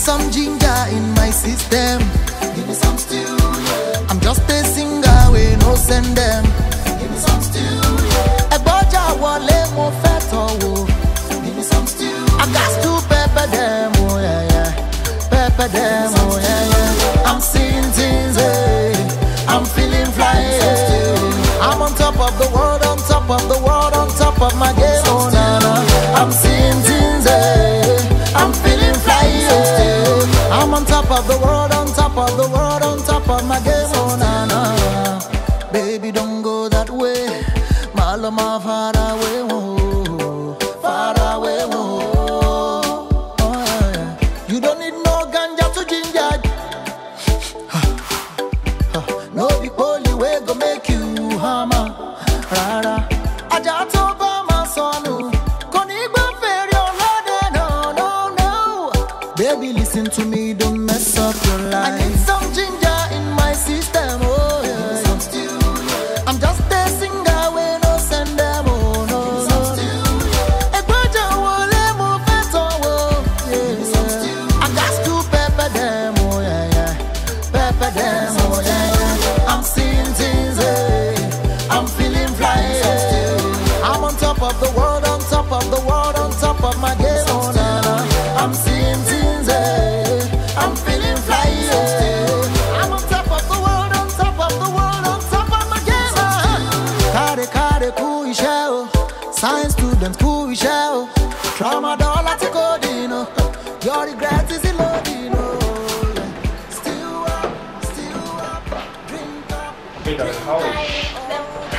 some ginger in my system. Give me some stew. Yeah. I'm just a singer, we no send them. Give me some stew. Yeah. Eboja wale mo feto Give me some stew. I got to pepper them, oh yeah yeah, pepper them, oh yeah yeah. I'm seeing things, eh. I'm feeling fly. Eh. I'm on top of the world, on top of the world, on top of my game, oh na na. I'm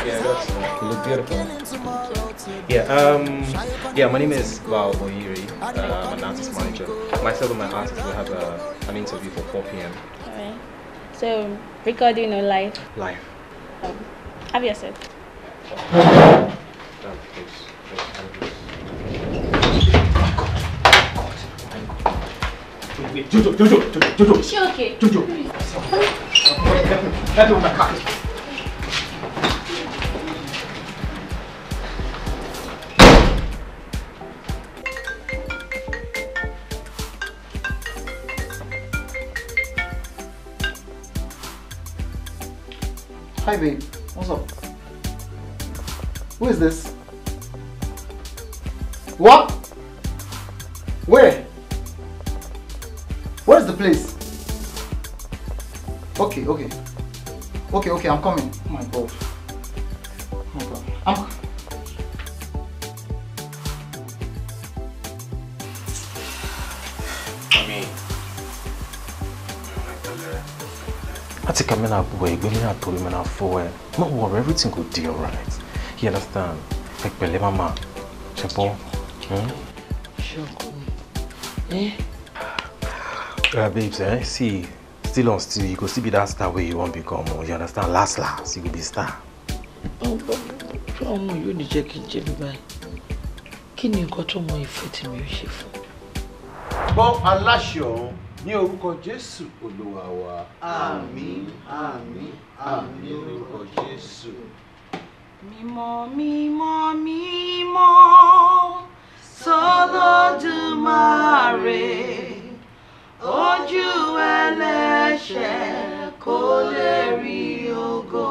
Yeah, that's You look beautiful. Yeah, um, yeah, my name is Val Oyiri. Uh, I'm an artist manager. Myself and my artist will have a, an interview for 4 p.m. Alright. So, recording or live? Live. Um, have yourself. Oh, um, please. Jojo, Jojo, Jojo, Jojo. she okay? Jojo. Help me with my car. Hi babe, what's up? Who is this? What? Where? Where's the place? Okay, okay. Okay, okay, I'm coming. Oh my god. Ka me na boy, me na tori me na foe. Ma worry, everything will be alright. You understand? Like pẹ̀lẹ́ mama. Chepo, hmm? Sure. Eh? Uh, babes, eh? See, still on still, you go still be that star wey you won't become. Oh. You understand? Last last, you go be star. Oh, but ní jẹ́ kí n jẹ́ bí báyìí. Kí ni nǹkan tó mọ ìfẹ́ tí mi ò ṣe fún? ní orúkọ jésù olúwa wa àmín àmín àmín orúkọ jésù. mímọ́ mímọ́ mímọ́ sọlọ́dúnmáre ojú ẹlẹ́ṣẹ̀ kò lè rí ògo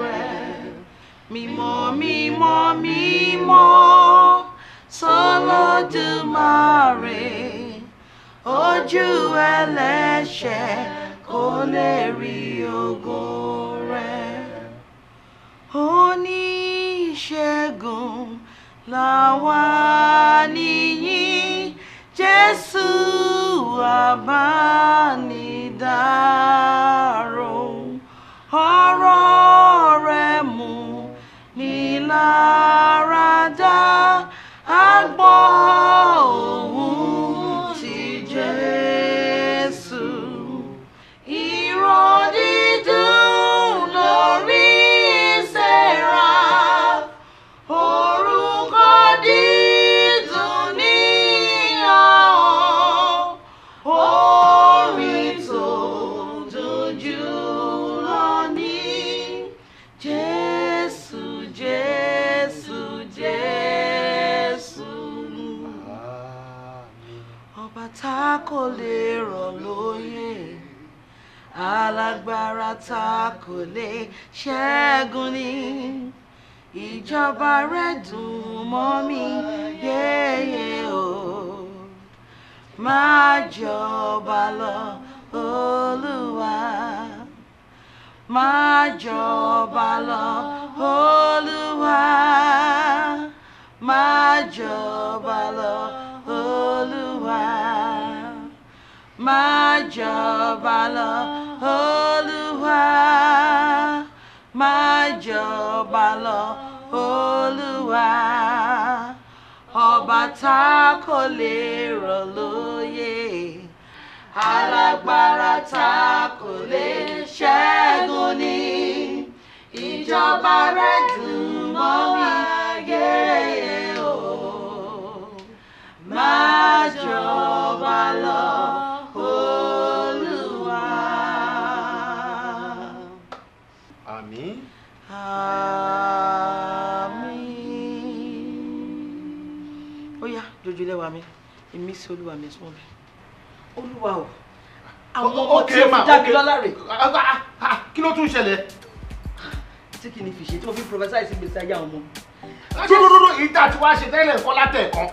rẹ̀ mímọ́ mímọ́ mímọ́ sọlọ́dúnmáre. ojú ẹlẹ́ṣẹ̀ kò lè rí ògo rẹ ó ní ìṣẹ́gun làwa nìyí Jésù àbánidárò ọ̀rọ̀ rẹ mú lawa niyi jesu abani daro re mu nilara. takòlé shaguni, ni ìjọba rẹ̀ dùn mọ́ mi yéye o jọba lọ olúwa máa jọba lọ olúwa máa jọba lọ olúwa máa jọba lọ. Olúwa máa jọba lọ Olúwa ọba tá kò lè rọ̀ lóyè alágbára tá kò lè ìjọba rẹ̀ dùn mọ́ mi yéye Olúwa. lẹ́wà mi èmi sí olúwa mi ẹ̀sùn mi olúwa o àwọn ọmọ tí o fi dá mi lọ́lá rè. kí ló tún ṣẹlẹ̀. tí kì í ní fi ṣe tí mo fi prophesy sí gbèsè ayé àwọn ọmọ. dúdúdúdú ìta tí wàá ṣe tẹ́lẹ̀ kọ́ látẹ̀ kan.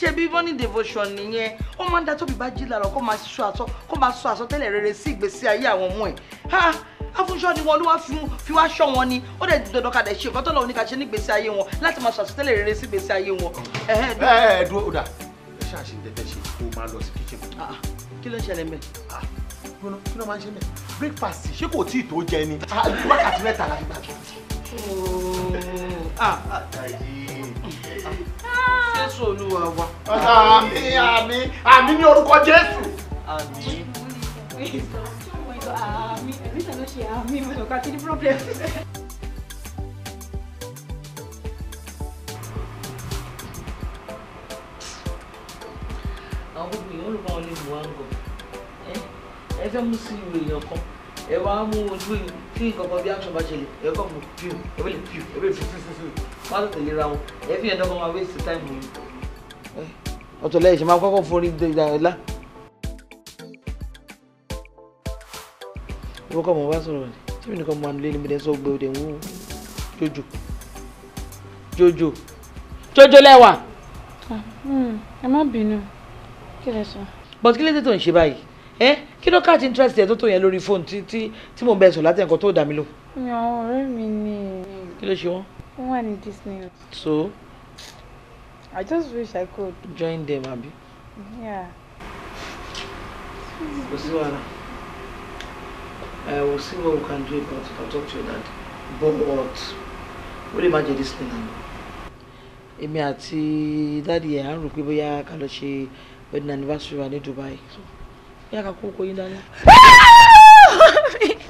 ṣé bí morning devotion nìyẹn ó máa ń da tóbi bá jí lára kó máa sọ àsọtẹ́lẹ̀ rere sí ìgbésí ayé àwọn ọmọ ẹ̀ afúnṣọ́ ni wọn olúwa fi wá ṣọ́ wọn ni ó dẹ̀ dandan ká dẹ̀ ṣe nǹkan tó lọ́wọ́ ní ká ṣe nígbèsí ayé wọn láti máa ṣàtúntẹ́lẹ̀ rere sí ìgbésí ayé wọn. ẹ ẹ breakfast ṣé kò tí ì tó jẹ ni wákàtí mẹ́ta la fi gbà tó. jésù olúwa wa. àmín àmín àmín ní orúkọ jésù. àmín. àmín și ea, mi-e mă că tine probleme. àwọn obìnrin olùkọ́ lè é àgọ́ ẹ fẹ́ mú sí ìwé èèyàn kan ẹ wá mú ojú ìlú tí nǹkan kan bí action bá ṣẹlẹ̀ ẹ kọ́ mú piu ẹ bẹ̀rẹ̀ piu ẹ bẹ̀rẹ̀ piu piu piu má tètè lera wọn ẹ fi ẹ̀dọ́gbọ́n máa waste time yìí. Eh? ọ̀tọ̀ lẹ́yìn ṣe máa kọ́kọ́ forí dá lá ìwọ́n kọ́ mo bá sọ̀rọ̀ ni tèmi nìkan mo wà nílé ni mo gbé òde wú jòjò jòjò jòjò lẹ́wà. Ah, hmm, ẹ má bínú kí lẹ sọ. but kí ló dé tó ń ṣe báyìí ẹ kí ló káàtì interest ẹ tó tó yẹn lórí fóònù tí tí tí mò ń bẹ sọ láti ẹ̀kọ́ tó dà mí lò. mi ọ̀rẹ́ mi ni. kí ló ṣe wọ́n. wọ́n wà ní Disney. so. I just wish I could. join them abi. yeah. kò sí wàhálà. I uh, will see what we can do about it. I'll talk to your dad. But what? Will imagine this thing now? Èmi àti dáàdi ẹ̀ à ń rò pé bóyá ká lọ ṣe wedding anniversary wa ní Dubai. Bóyá ká kó kó yín dání.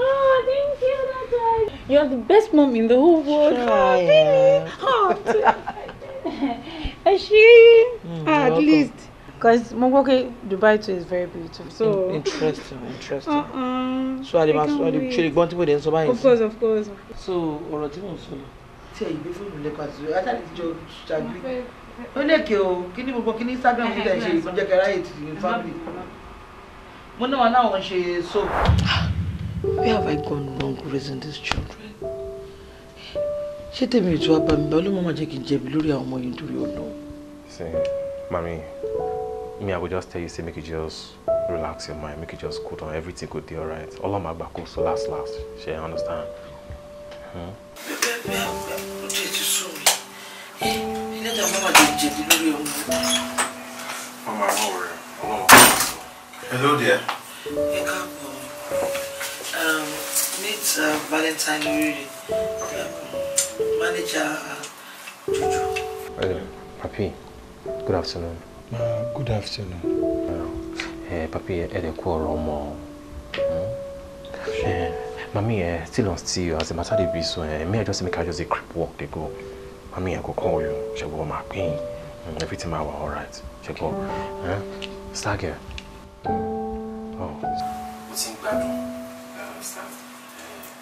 Oh, thank you, Dad. You are the best mom in the whole world. Sure, oh, yeah. really? Oh, Ashin, mm, at welcome. least because Mogoke Dubai too is very beautiful. So interesting, interesting. Uh-uh, so I must I should go to the Soba. Of course, of course. So ọ̀rọ̀ tí mo sọ lọ. you ẹ gbé fóònù lẹ́kọ̀ọ́ àti ìṣòro, ajá ti jọ ṣàgbé. Ó lè kí o, kí ni gbogbo kí ni Instagram fi tẹ̀ ṣe ìkọjẹ́ kẹrẹ ayé ti ní family. Mo náà wọn náà wọ́n ṣe soap. Where have I gone wrong raising these children? Ṣé tèmi ètò abàmì bá ló máa jẹ́ kí n jẹ̀bi lórí àwọn ọmọ yìí nítorí ọ̀nà? Ṣé màmí me, I would just tell you, say, make you just relax your mind, make you just cool down, everything could be alright. All of my back so last, last. She understand. Hmm? Mama, how are you? Hello there. Hey, Um, meet uh, Valentine Yuri, um, manager uh, Jojo. Uh, Papi, good afternoon. good afternoon. Eh, papi ẹ dẹ kú ọ̀rọ̀ ọmọ hmm? eh, mami eh, still on still as a matter dey be eh. me i just make i just a creep walk. dey go mami I go call you ṣẹgbọn ma pín in hmm, everything ma wa alright ṣẹgbọn hmm? star girl. mo oh. ti ń gbádùn eh, star eh,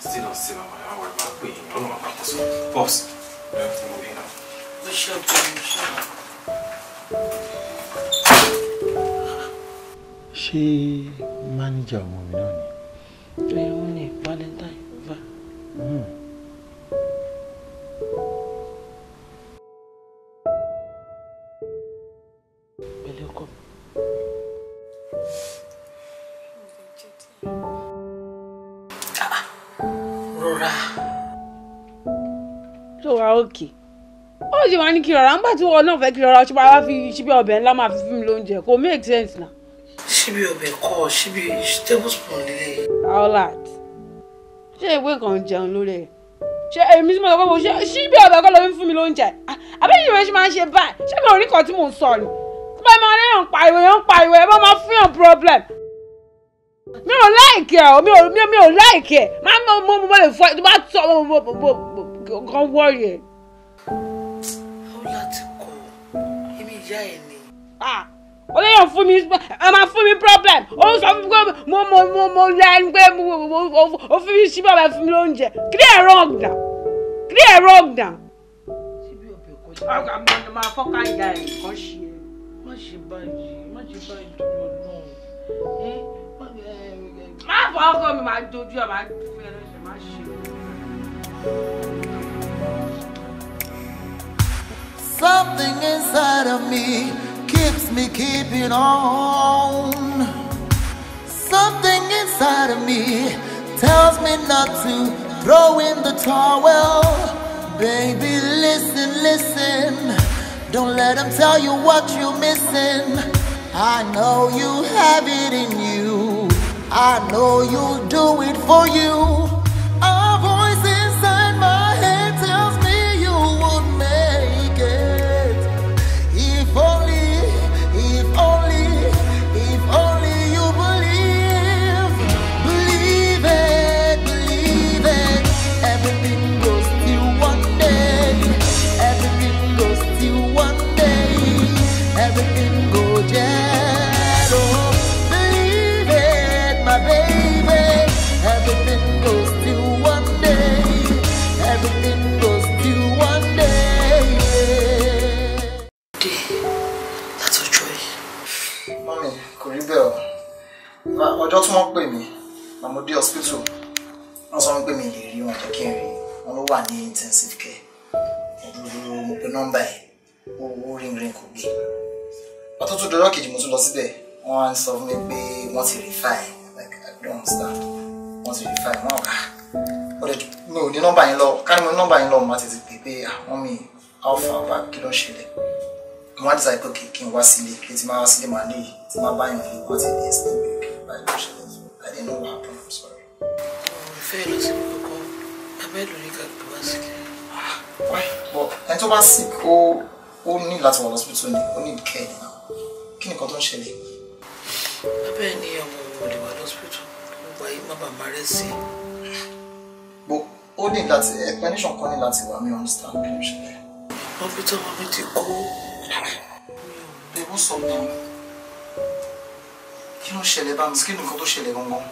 still on still mama ẹ má wọ ẹ má pè é ọlọ́run má kó so pause ẹ ti mú bí náà. we shall do we shall ṣé mánéjà ọmọ mi náà ni. ẹ òun ni valentine va. Mm. òkè ah, ó sì máa ní kí rọra ń bá tí wọn náà fẹ́ kí rọra ṣùgbọ́n ara fi ṣíbí ọbẹ̀ ńlá máa fi fún mi lóúnjẹ kò make sense na ṣíbí ọbẹ̀ kọ́ ṣíbí tablespoon lélẹ̀. She, ṣé ìwé kan jẹun She, ẹ̀ ṣé èmi tí mo sọ pé mo ṣe ṣíbí ọbẹ̀ kọ́ ló ń fún mi lóúnjẹ àbẹ́yìn ìwé ṣe máa ń ṣe báyìí ṣé mi ò rí kan tí mò ń sọ ni tí bá máa léèyàn pariwo èèyàn pariwo ẹ bá máa problem Me, ò like it. Me, me, me, ò like it. My mom, mom, mom, the fight, tó bá tọ́ mo mo mo mo kàn wọ́ọ̀rì ẹ̀. ó láti kọ ibi ìyá ó lè yàn fún mi ẹ máa fún mi problem ó sọ fún mi pé mo mo mo mo lẹ ẹni pé ó fún mi sí bàbá ẹ fún mi lóúnjẹ kí ni ẹ̀rọ ọ̀gbìn kí ni ẹ̀rọ ọ̀gbìn. ọgá mo máa fọ́ká ìyá ẹ̀ kọ́ ṣe é má ṣe báyìí má ṣe báyìí tó lọ náà má fọ ọkọ mi máa dojú ẹ máa fún ẹ lọ́sẹ̀ má ṣe Something inside of me keeps me keeping on. Something inside of me tells me not to throw in the towel. Baby, listen, listen. Don't let them tell you what you're missing. I know you have it in you. I know you'll do it for you. ọjọ́ tí wọ́n pè mí na mo dé hospital wọ́n sọ pé mi lè rí wọn jẹ́ kí n rí wọn ló wà ní intensive care ìdúró mo pe nọ́mbà ẹ̀ owó ringring kò gbé ọtọ́ tó dọ́jọ́ kejì mo tún lọ síbẹ̀ wọ́n á sọ fún mi pé wọ́n ti refine like I don't understand wọ́n ti refine wọ́n kà ah, ọ̀rẹ́ mi ò ní nọ́mbà yín lọ ká ní mo ní nọ́mbà yín lọ mo máa tètè pè pé àwọn mi alpha bá kí ló ń ṣẹlẹ̀ wọ́n á dìsáì pé kí n wá sílé kí n ti máa wá sílé màá ní tí máa bá yàn ní wọ́n ti ní ẹ̀sìn níbi báyìí ló ṣẹlẹ̀ sí i didn't know what happened i'm sorry. ìfẹ́ lọ sí gbogbo abẹ́ ló ní ká gbé wá sílẹ̀. ẹni tó bá sick ó ó ní láti wà lọ́sibítù ni ó ní ìkẹ́ ẹ̀ náà kí nìkan tó ń ṣẹlẹ̀. abẹ́ ni àwọn olè wà lọ́sibítù gbogbo ayé má bàa máa rẹ̀ sí. bó ó ní láti explanation kan ní láti wà mí understand bí mo ṣe fẹ́. wọ́n fi tọ́ wọn qui nous chez les bambes, qui nous chez les bonbons.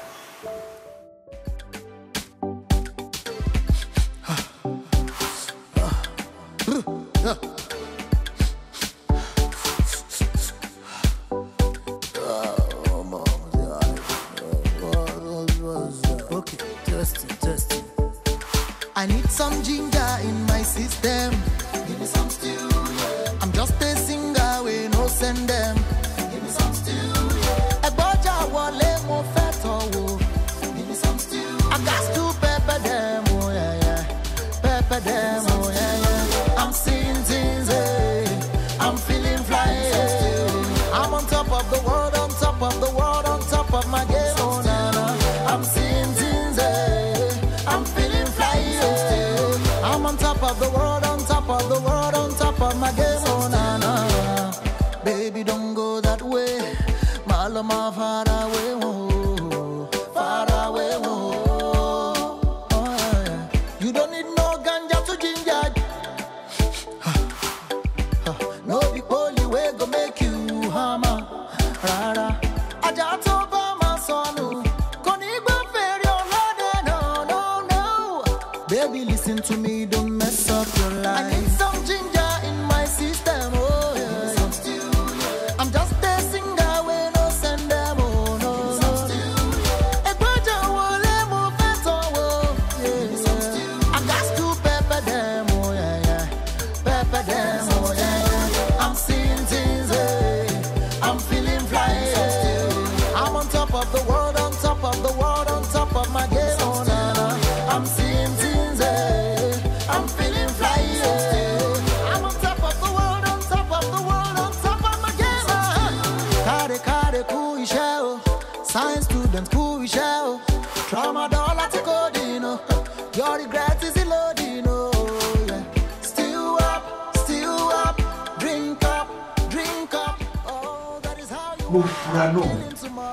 fura náà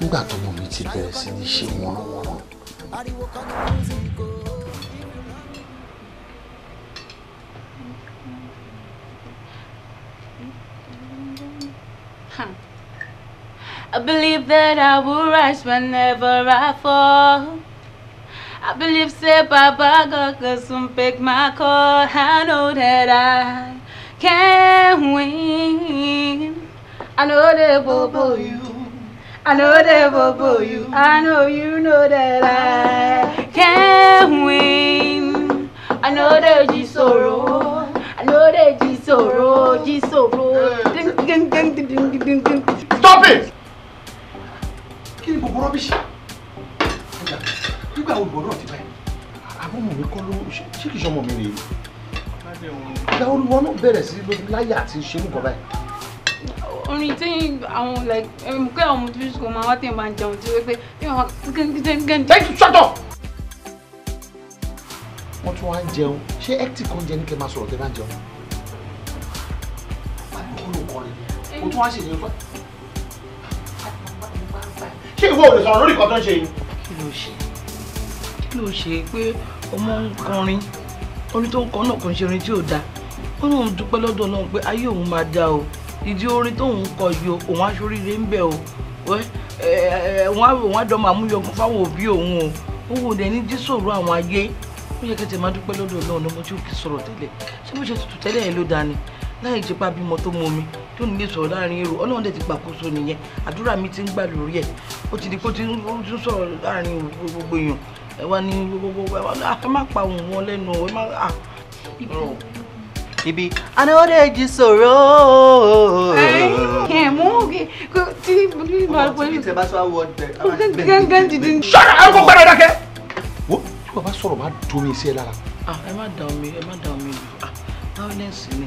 nígbà tọmọ mi ti bẹ̀rẹ̀ sí ní ṣe wọ́nrọ́wọ́nrọ́. I believe that I will rise whenever I fall. I believe say Baba God could soon pick my call. I know that I can win. I know they bobo you. I know they bobo you. I know you know that I can't win. I know they ji sorrow. I know they ji sorrow, ji sorrow. Stop it! Kí ni gbogbo rọ́bìṣì? Nígbà wo ìbọ̀rọ̀ ti báyìí? Àwọn ọmọ mi kọ́ ló ṣé kìí ṣe ọmọ mi rèé? will wo ni wọn náà bẹ̀rẹ̀ sí lórí láyà àti ṣerú orin tí àwọn like eh, ọmọ tuntun kò máa wá tí máa jẹun tí wọ́n pé tí wọ́n gẹ́gẹ́gẹ́gẹ́. ẹ shut up. wọ́n tún wá ń jẹun ṣé ẹ́kítì kan jẹ ní kẹ́ máa sọ̀rọ̀ tẹ́ bá ń jẹun. àbúrò kọrin o tún wá ṣèṣe fún ṣé ìwọ ò lè sọ̀rọ̀ lórí nǹkan tó ń ṣe yìí. kí ló ṣe kí ló ṣe orin tó ń kọ náà kò ń ṣe orin tí ò dáa ó lóun dúpẹ́ lọ́dọ̀ Ọlọ́run pé ayé òun máa dáa o ìdí orin tóun kọ yìí o òun aṣoríire ń bẹ o wọn á dọ́mọ àmúyọkùn fáwọn òbí òun o ó wò dẹ̀ ní dísòrò àwọn ayé ó yẹ kẹtẹ máa dúpẹ́ lọ́dọ̀ Ọlọ́run lọ́mọ tí ó kì í sọ̀rọ̀ tẹ́lẹ̀ ṣé bó ṣe tutù tẹ́lẹ̀ yẹn ló dání láì jẹ́ pa bímọ tó mọ mi tó nílé sọ̀rọ̀ láàrin èrò Ọlọ́run dẹ̀ ti gbàkóso nìyẹn àdúrà mi ti ń gbà lórí ẹ̀ ó ti di pé ó ti ń sọ̀rọ̀ láàrin gbogbo èèyàn ẹ wá ní gbogbo ah, ẹ má pa òun wọn lẹ́nu ẹ má. Ah ibi anáwọ́dẹ́jì sọ̀rọ̀. ẹ mú òkè tí mo bá pẹ́. tí bá sọ àwọ̀ ọ̀dẹ̀. gángan dìde. sọ́dọ̀ àwọn gbogbo ẹ̀rọ dákẹ́. wo tí bàbá sọ̀rọ̀ bá domi sí ẹ lára. ẹ má da omi ẹ má da omi lù violence ni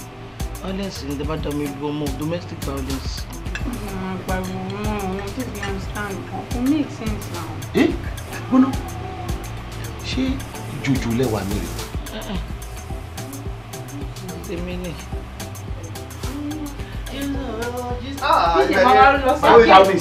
violence ni dábàá da omi lù ọmọ domestic violence. àgbàgbọ́ wọn wọn understand kan kò sense now. ẹ eh, gbọ́dọ̀ ṣé jòjò lẹ́wà mi rèé tèmi ni. inú ah, rẹ lọ jí. ìyàwó arúgbó lọ sí àgbẹ̀.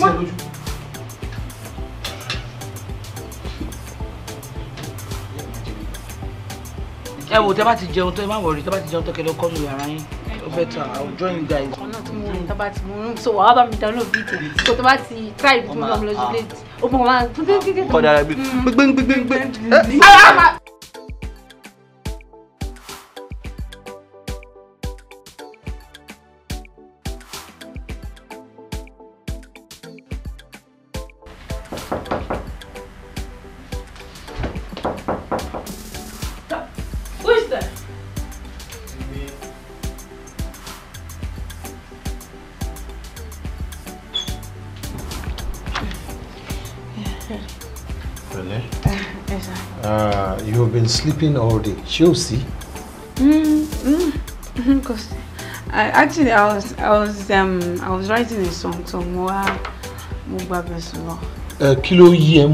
ẹ wo tẹ bá ti jẹun tó ẹ má wọrí tẹ bá ti jẹun tó kẹlẹ kọ́nu yàrá yín ó fẹ́ tà I'll join you guys. ọ̀nà tí mo rìn tó bá ti mo rìn so wàá bá mi dáná òbí tè kó tó bá ti try bí mo bá mi lọ sí ah. plate ó mọ̀ máa. kọ́dà rẹ̀ mm. gbé gbé gbé gbé. sleeping all day see. ò sí. Mm, mm, mm, kò sí actually i was i was um, i was writing a song so mo wá mo gba bẹ̀sùn lọ. ẹ kí ló yí ẹ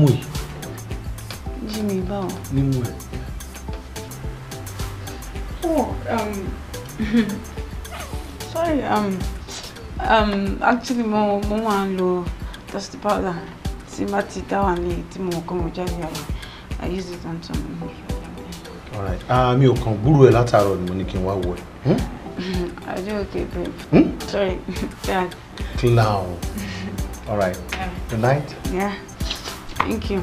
oh um, sorry um, um, actually mo mo máa ń lo dusty powder tí má ti dá wà ní mo kọ́ I use it on some Ah, mi ò kàn gbúrò ẹ látàárọ̀ ni mo ní kí n wá wò ẹ. àjọ hmm? òkè babe hmm? sorry dad. clown all right yeah. good night. yeah thank you.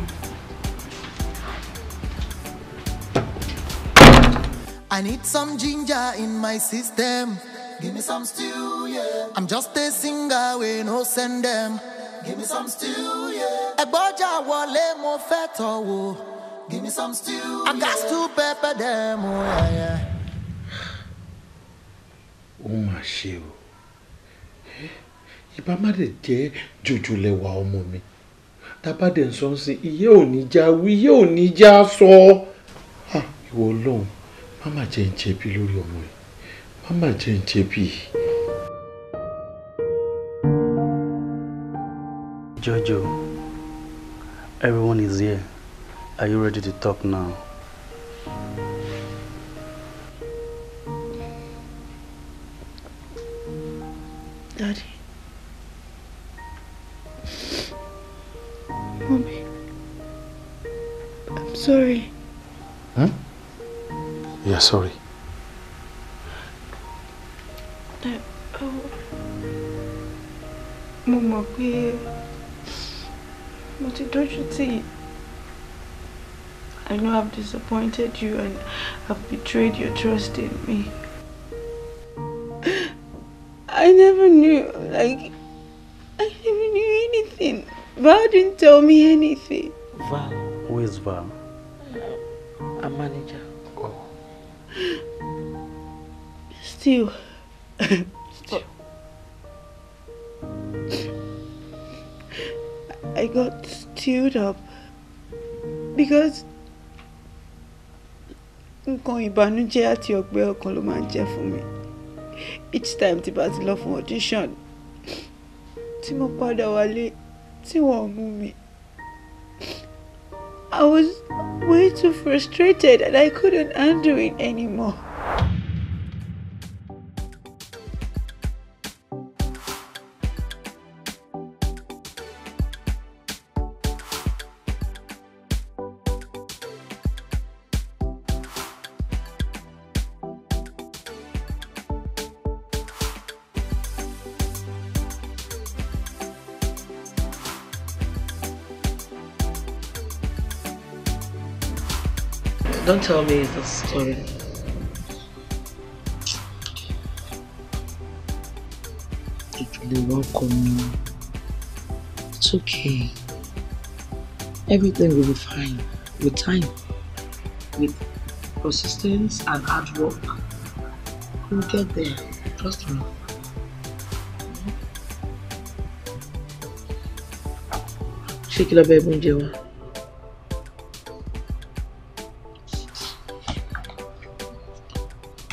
I need some ginger in my system. Give me some stew, yeah. I'm just a singer, we no send them. Give me some stew, yeah. Eboja wọlé mo fẹ́ Give me some stew. I got yeah. to pepper them. Oh, yeah, yeah. Ó mà ṣe o. Ìbá má dẹ̀ jẹ́ jòjò lẹ́wà ọmọ mi. Tábà dẹ̀ ń sọ ń sìn, iye ò ní já wí, iye ò ní já sọ. Ìwọ Ọlọ́run, má jẹ́ ń jẹ̀bi lórí ọmọ yìí. Má jẹ́ ń jẹ̀bi. Jojo, everyone is here. Are you ready to talk now? Daddy. Mommy. I'm sorry. Huh? Yeah, sorry. Oh. Mo mọ̀ pé mo ti dójú tì I know I've disappointed you and I've betrayed your trust in me. I never knew, like, I never knew anything. Val didn't tell me anything. Val? Who is Val? A manager. Oh. Still. Still. I got stewed up because nǹkan ìbànújẹ́ àti ọgbẹ́ ọkàn ló máa ń jẹ́ fún mi each time tí bá ti lọ fún audition tí mo padà wálé tí wọ́n mú mi I was way too frustrated and I couldn't handle it anymore. Don't tell me the story. They welcome. It's okay. Everything will be fine with time, with persistence and hard work. we will get there. Trust me. Shake it up, everyone.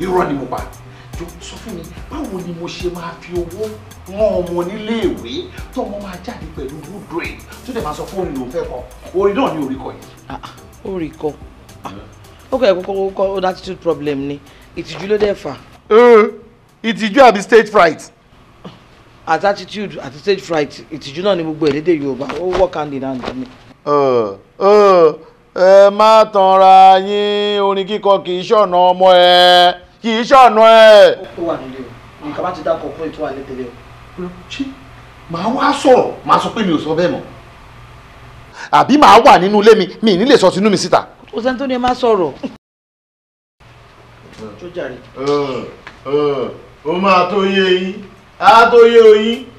irọ́ ni mo pa jọ sọ fún mi báwo ni mo ṣe máa fi owó rán ọmọ níléèwé tó ọmọ máa jáde pẹ̀lú good grade tó dẹ̀ máa sọ fún òun lòún fẹ́ kọ orin náà ni orí kọ yìí. Ah, ah, orí kọ ah, ó kọ ẹ̀ kókó old attitude problem ni ìtìjú ló dẹ̀ fà. ìtìjú àbí stage fright. At attitude at stage fright ìtìjú náà ni gbogbo èlédè Yorùbá ó work hand in hand ni. ẹ má tanra yín orin kíkọ kì í ṣọ̀nà ọmọ ẹ kì í ṣọ̀nà ẹ̀. ó wà nílé o nǹkan bá ti dákọ̀ fún ètò àlẹ́ tẹ̀lé o. ṣé màá wá sọ̀rọ̀ màá sọ pé mi ò sọ bẹ́ẹ̀ mọ́ àbí màá wà nínú ilé mi mi ì ní lè sọ sínú mi síta. kò sẹ́ni tó ní ẹ má sọ̀rọ̀. ó máa tó yé yín á tó yé oyin.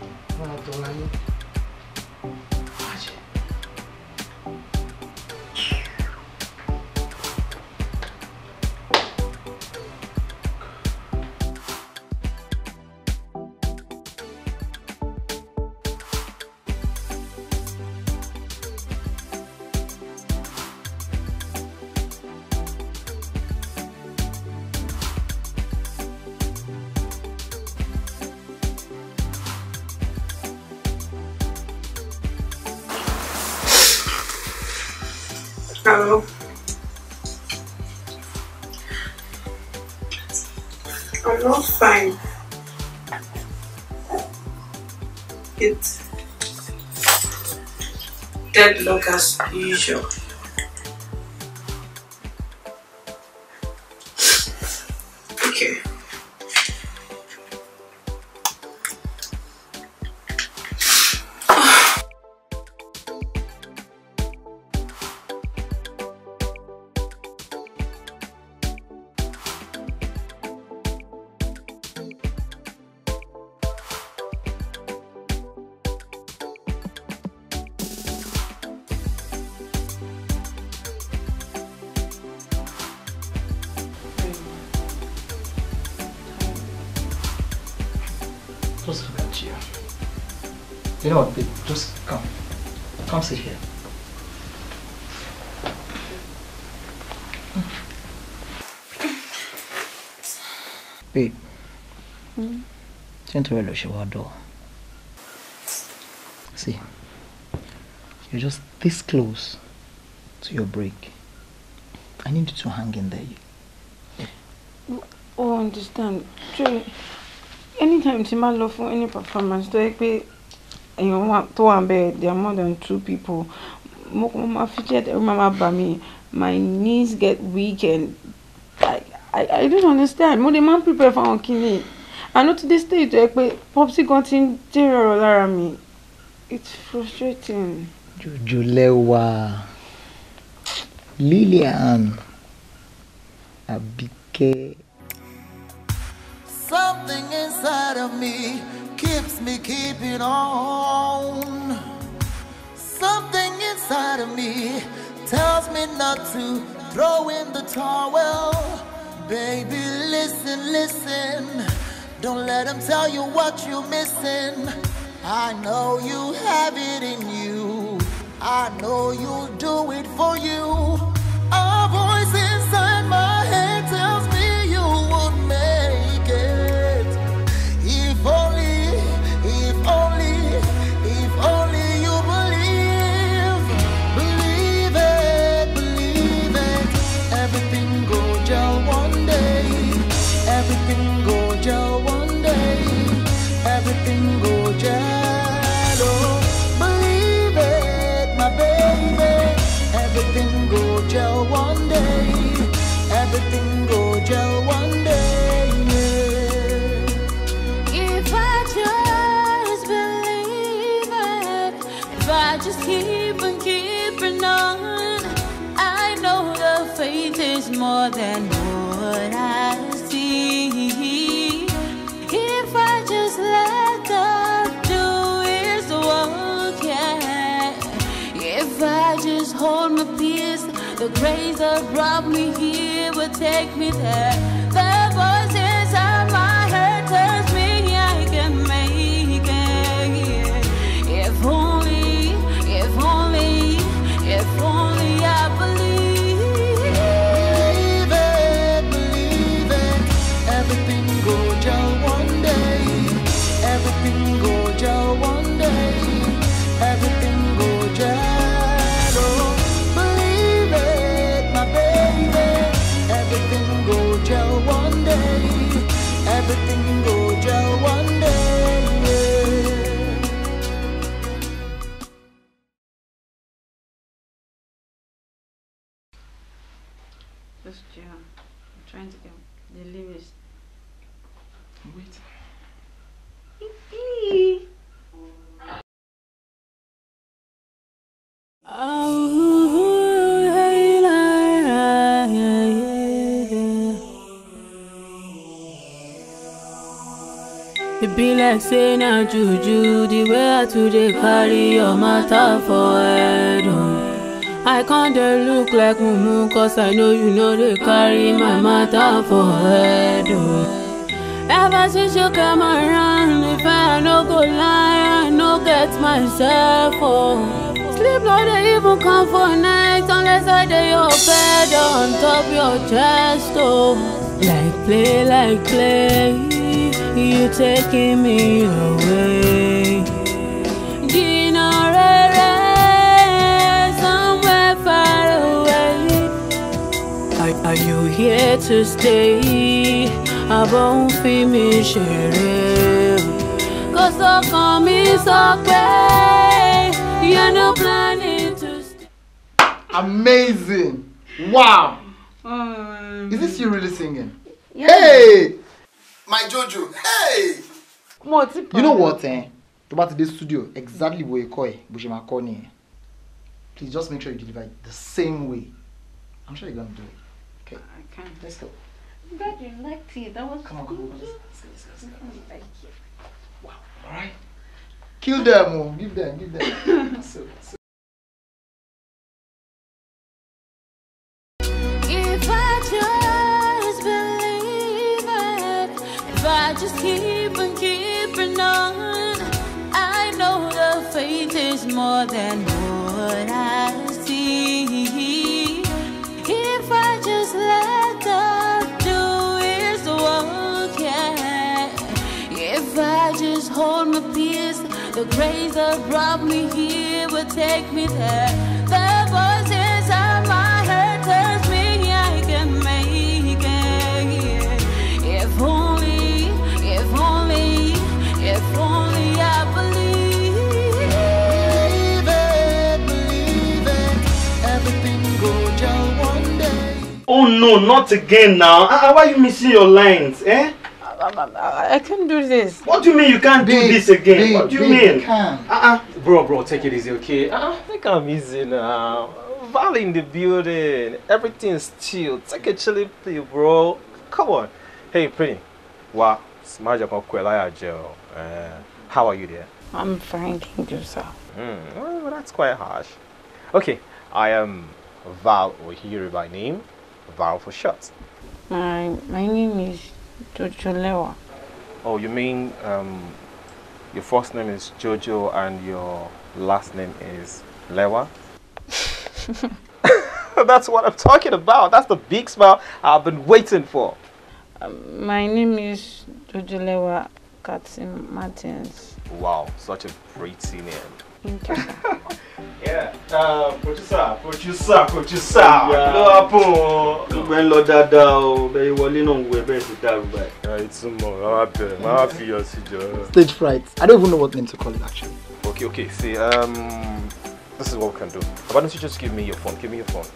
into rẹ ló ṣe see you're just this close to your break I need you to hang in there. Oh, understand. True. Anytime tí máa lọ fún any performance I yẹ pé èèyàn tó wà bẹ́ẹ̀ there are more than two people mo mo máa fi jẹ́ my knees get weak and I I I don't understand mo dey máa prepare a kidney. àánú ti dé stage tó yẹ pé popsi gan ti ń jèrè ọ̀rọ̀ lára mi it's frustrating. jòjò lẹ́wà Lillian Abike. Something inside of me keeps me keeping on. Something inside of me tells me not to throw in the towel. Baby, listen, listen. Don't let them tell you what you're missing. I know you have it in you. I know you'll do it for you. Our voices. The grace that brought me here will take me there. say na juju the way i too dey carry your matter for head o i con dey look like mumu 'cause i know you no dey carry my matter for head o. Ever since you come around, if I no go lie, I no get myself oh. Sleep no dey even come for night unless I dey your bed on top your chest oh. Like play, like play. You're taking me away. Dinner, somewhere far away. Are, are you here to stay? I won't finish it. Cause so come me so way. You're not planning to stay. Amazing! Wow! Um, Is this you really singing? Yeah. Hey! my jojo hey. mo ti pọ̀. you know what eh? To bá ti dé studio exactly bó ṣe kọ́ ẹ̀ bó ṣe máa kọ́ nìyẹn please just make sure you deliver it the same way i'm sure you're gonna do it okay i can't let's go. glad you liked it that was come on come on let's go let's go let's go. Mm-hmm, thank you. wow all right kill them oh. give them give them so so. just keep on keeping on. I know the faith is more than what I see. If I just let the do is yeah. If I just hold my peace, the grace that brought me here will take me there. no, not again now. Uh, why are you missing your lines, eh? I, I, I can't do this. What do you mean you can't babe, do this again? Babe, what do you babe, mean? can. Uh ah, -uh. Bro, bro, take it easy, okay? Uh, I think I'm easy now. Val in the building. Everything's chill. Take a chilly pill, bro. Come on. Hey, pretty. Wow. Smash up Joe. How are you there? I'm fine, yourself. you, Mm, well, that's quite harsh. Okay, I am Val Ohiri by name viral for short? My, my name is Jojo Lewa. Oh, you mean um, your first name is Jojo and your last name is Lewa? That's what I'm talking about. That's the big smile I've been waiting for. Um, my name is Jojo Lewa Katzin Martins. Wow, such a pretty name. Yeah. kòtísà kòtísà kòtísà ló wá bò ó. gbẹ ń lọ dáadáa o bẹ́ẹ̀ wọlé náà wù ẹ́ bẹ́ẹ̀ ti dàrú báyìí. ẹ ìtumọ̀ máa bẹ̀rẹ̀ máa fi yọ sí jọ. stage fright I don't even know what name to call it actually. okay okay see um, this is what we can do why don't you just give me your phone give me your phone.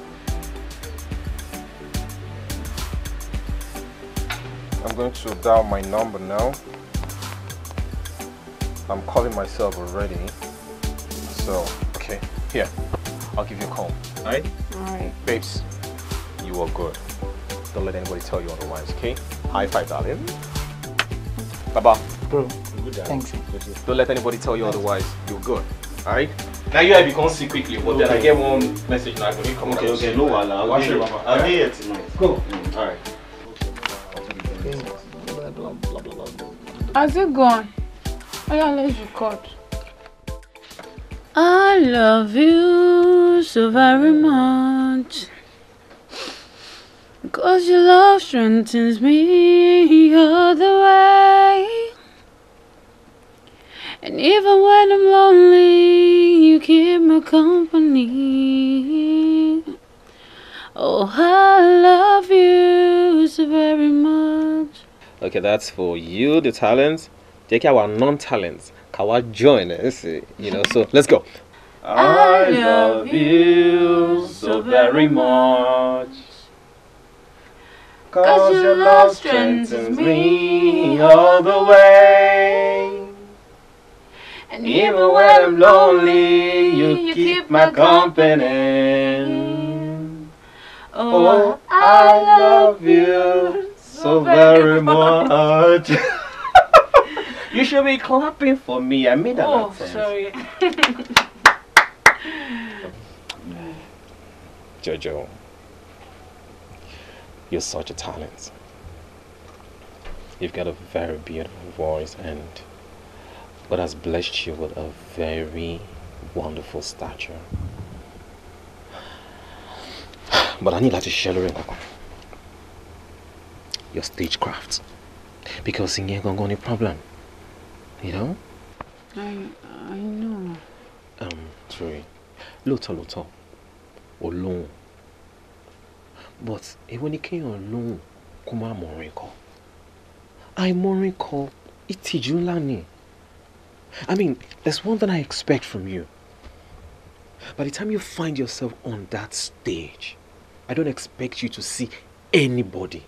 I'm going to dial my number now. I'm calling myself already. So, okay, here, I'll give you a call. All right? All right. Babes, you are good. Don't let anybody tell you otherwise, okay? High five, darling. bye, Bro, good Thanks. Don't let anybody tell you otherwise. You're good. All right? Now you have become sick quickly, but okay. then I get one message now when come Okay, okay, no, I'll, I'll, I'll it tonight. Go. Mm, all right. How's it going? I got a cut. I love you so very much. Cause your love strengthens me all the way. And even when I'm lonely, you keep my company. Oh, I love you so very much. Okay, that's for you, the talents. Take our non talents. Kawa join. us, it? You know, so let's go. I love you so very much. Cause your love strengthens me all the way. And even when I'm lonely, you keep my company. Oh, oh I love you so very much. You should be clapping for me. I made that oh, sense. sorry. Jojo, you're such a talent. You've got a very beautiful voice, and God has blessed you with a very wonderful stature. But I need to share your stagecraft because in here going to problem. You know? I, I know. Um, sorry. Lóòótọ́ lóòótọ́, alone. But even if kéèyàn alone, come on mọ̀rin I Àìmọ̀rin kọ ìtìjú ńlá I mean, there's one thing I expect from you. By the time you find yourself on that stage, I don't expect you to see anybody.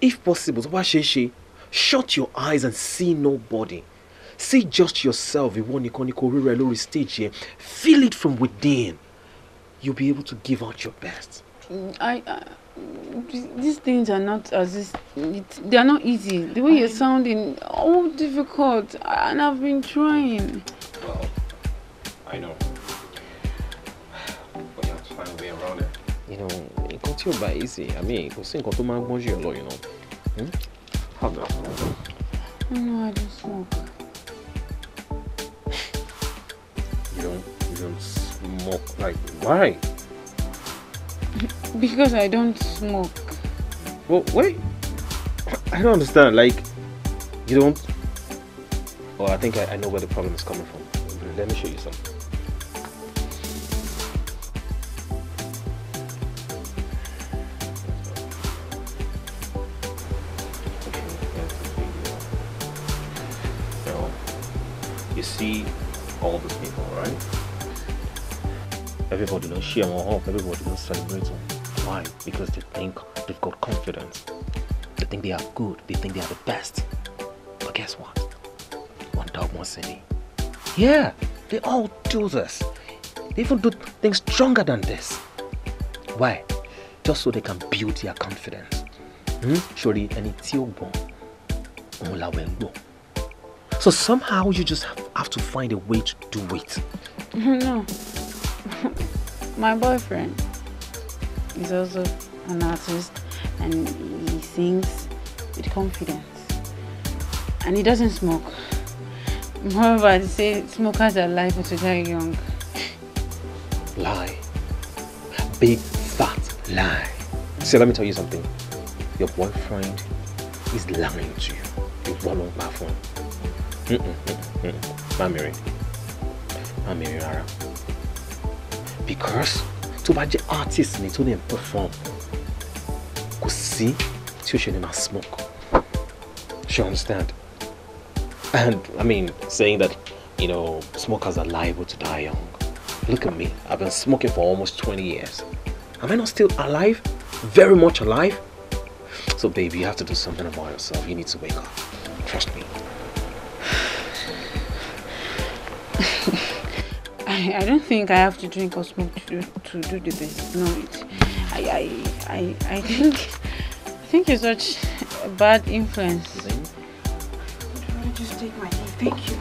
If possible, tó she ṣeé shut your eyes and see nobody see just yourself ìwọ nìkan ni kò ríra ẹ lórí stage here. feel it from within you'll be able to give out your best. I, I these things are not as it, they are not easy the way you're sounding all oh, difficult and I've been trying. Well, I know. But you have to find a way around it. You know, nǹkan tí ò easy, I mean, kò sí nǹkan tó manage your gbọ́n you know. Hmm? No, I do I smoke. You don't, you don't smoke? Like, why? Because I don't smoke. Well, wait. I don't understand. Like, you don't... Oh, I think I, I know where the problem is coming from. Let me show you something. Everybody don't share more hope. Everybody don't celebrate them. Why? Because they think they've got confidence. They think they are good. They think they are the best. But guess what? One dog, one city. Yeah, they all do this. They even do things stronger than this. Why? Just so they can build their confidence. Hmm? Surely, any it's So somehow you just have, have to find a way to do it. No. my boyfriend is also an artist and he sings with confidence and he doesn't smoke moreover they say smokers are liable to die young lie a big fat lie so let me tell you something your boyfriend is lying to you you've gone on platform mm -mm, mm -mm. i'm married i'm because tó buy the artist ni tó lè perform could see, tí ó ṣe smoke she understand and i mean saying that you know smokers are liable to die young look at me i've been smoking for almost 20 years am i not still alive very much alive so baby you have to do something about yourself you need to wake up I, I don't think I have to drink or smoke to do, to do the best. No, it, I, I, I, I think I think you're such a bad influence. Can I just take my leave? Thank you.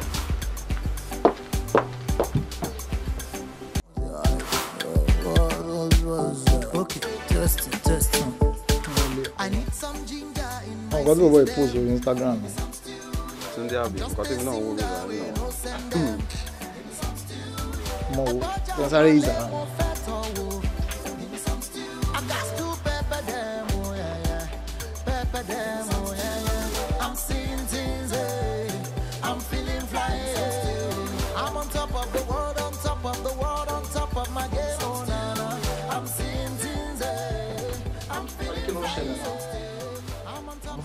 Okay, nǹkan tó wọ ìpòsò Instagram. Túndé àbí nǹkan tí mo náà wò ló wà nínú. ọmọ wo wọ́n sáré ìzà náà.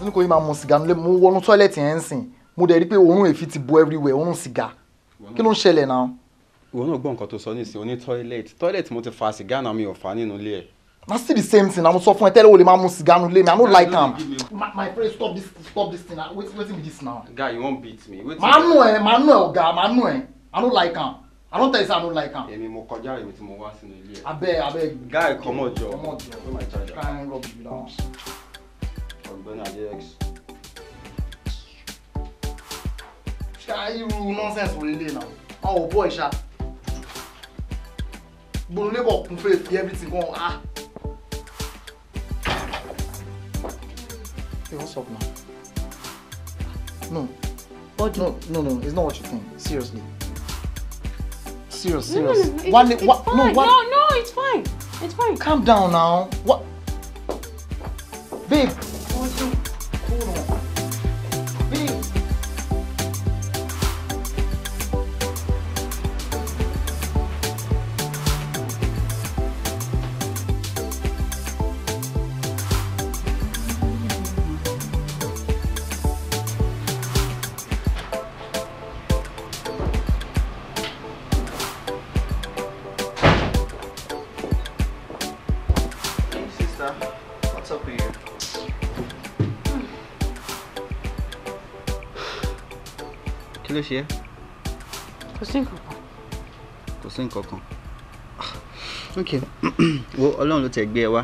mo ní kò yí máa mu sìgá nílé mo wọnú tọ́lẹ̀tì ẹ̀ ń sìn mo dẹ̀ rí i pé òórùn èéfín ti bo everywhere òórùn sìgá kí ló ń ṣẹlẹ̀ náà ìwọ náà gbọ́ nǹkan tó sọ nísìnyí oní tọ́ílẹ̀tì tọ́ílẹ̀tì mo ti fa sìgá náà mi ò fa nínú ilé ẹ̀. na still the same thing na mo sọ fún ẹ tẹ́lẹ̀ o lè máa mu sìgá nínú ilé mi i no like am. my friend stop this stop this thing na wetin wetin be this now. guy you wan beat me. màá nù ẹ màá nù ẹ ọ̀gá màá nù ẹ i no like am i don tell you say i no like am. èmi mo kọjá èmi tí mo wá sínú ilé ẹ. abeg abeg. guy comot jọ comot jọ where my charger. kind rub you down. ọ̀gbẹ́ni adex. ṣáà irú nonsense wò lélẹ̀ náà ọ̀ bọ́ ìṣá gbogbo neighbor kun face fi everything gan ah. Hey, what's up now? No. What no, no, no, it's not what you think. Seriously. Serious, serious. No, no, no. It, one, it's one, fine. No, one... no, no, it's fine. It's fine. Calm down now. What? Babe, ló ṣe é. kò sí nǹkan kan. kò sí nǹkan kan. Ah, ok wo ọlọ́run ló tẹ̀ gbé ẹ wá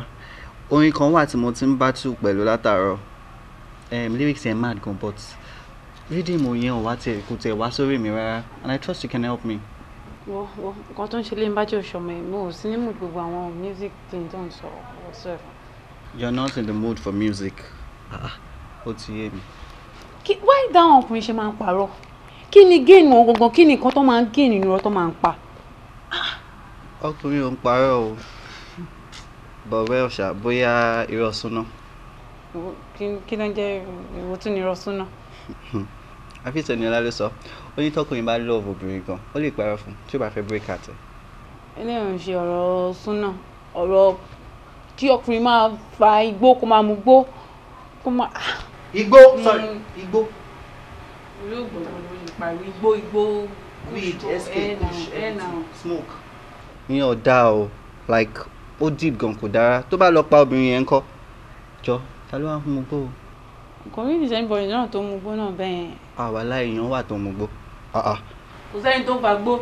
orin kan wà tí mad gan but reading mo yẹn ò wá tẹ kò tẹ wá sórí and I trust you can help me. wọ wọ nǹkan tó ń ṣe lé ń bá jẹ́ òṣọmọ ẹ̀ mo music tí n tó ń not in the mood for music Ah, ah ti yé mi. why don't ọkùnrin ṣe máa ń kí ni géènì wọn gangan kí ni nǹkan tó máa ń géènì irọ́ tó máa ń pa. ọkùnrin ò ń parọ́ o bọ̀rẹ́ ọ̀ṣà bóyá irọ́ súná. kí ló ń jẹ́ ìwò tún ni irọ́ súná. afisẹ̀ni ọlá ló sọ ó ní tọkùnrin bá lọ́ọ̀bù obìnrin gan ó lè parọ́ fún tí ó bá fẹ́ bírèkì àtẹ. eléyìí ń ṣe ọ̀rọ̀ súná ọ̀rọ̀ kí ọkùnrin máa fa igbó kó máa mú igbó kó máa. igbó sorry mm. igbó pariwo igbó igbó weed smoke. ìyẹn ò dáa o like ó deep gan kò dára tó bá lọ pa obìnrin yẹn ńkọ́ jọ ta ló wá mú gbó o. kò rí ìdíjẹ́ bọ̀dì náà tó mú gbó náà bẹ́ẹ̀ yẹn. àwa láì yan wà tó mú gbó. Ah, ah. kò sẹ́ni tó fa gbó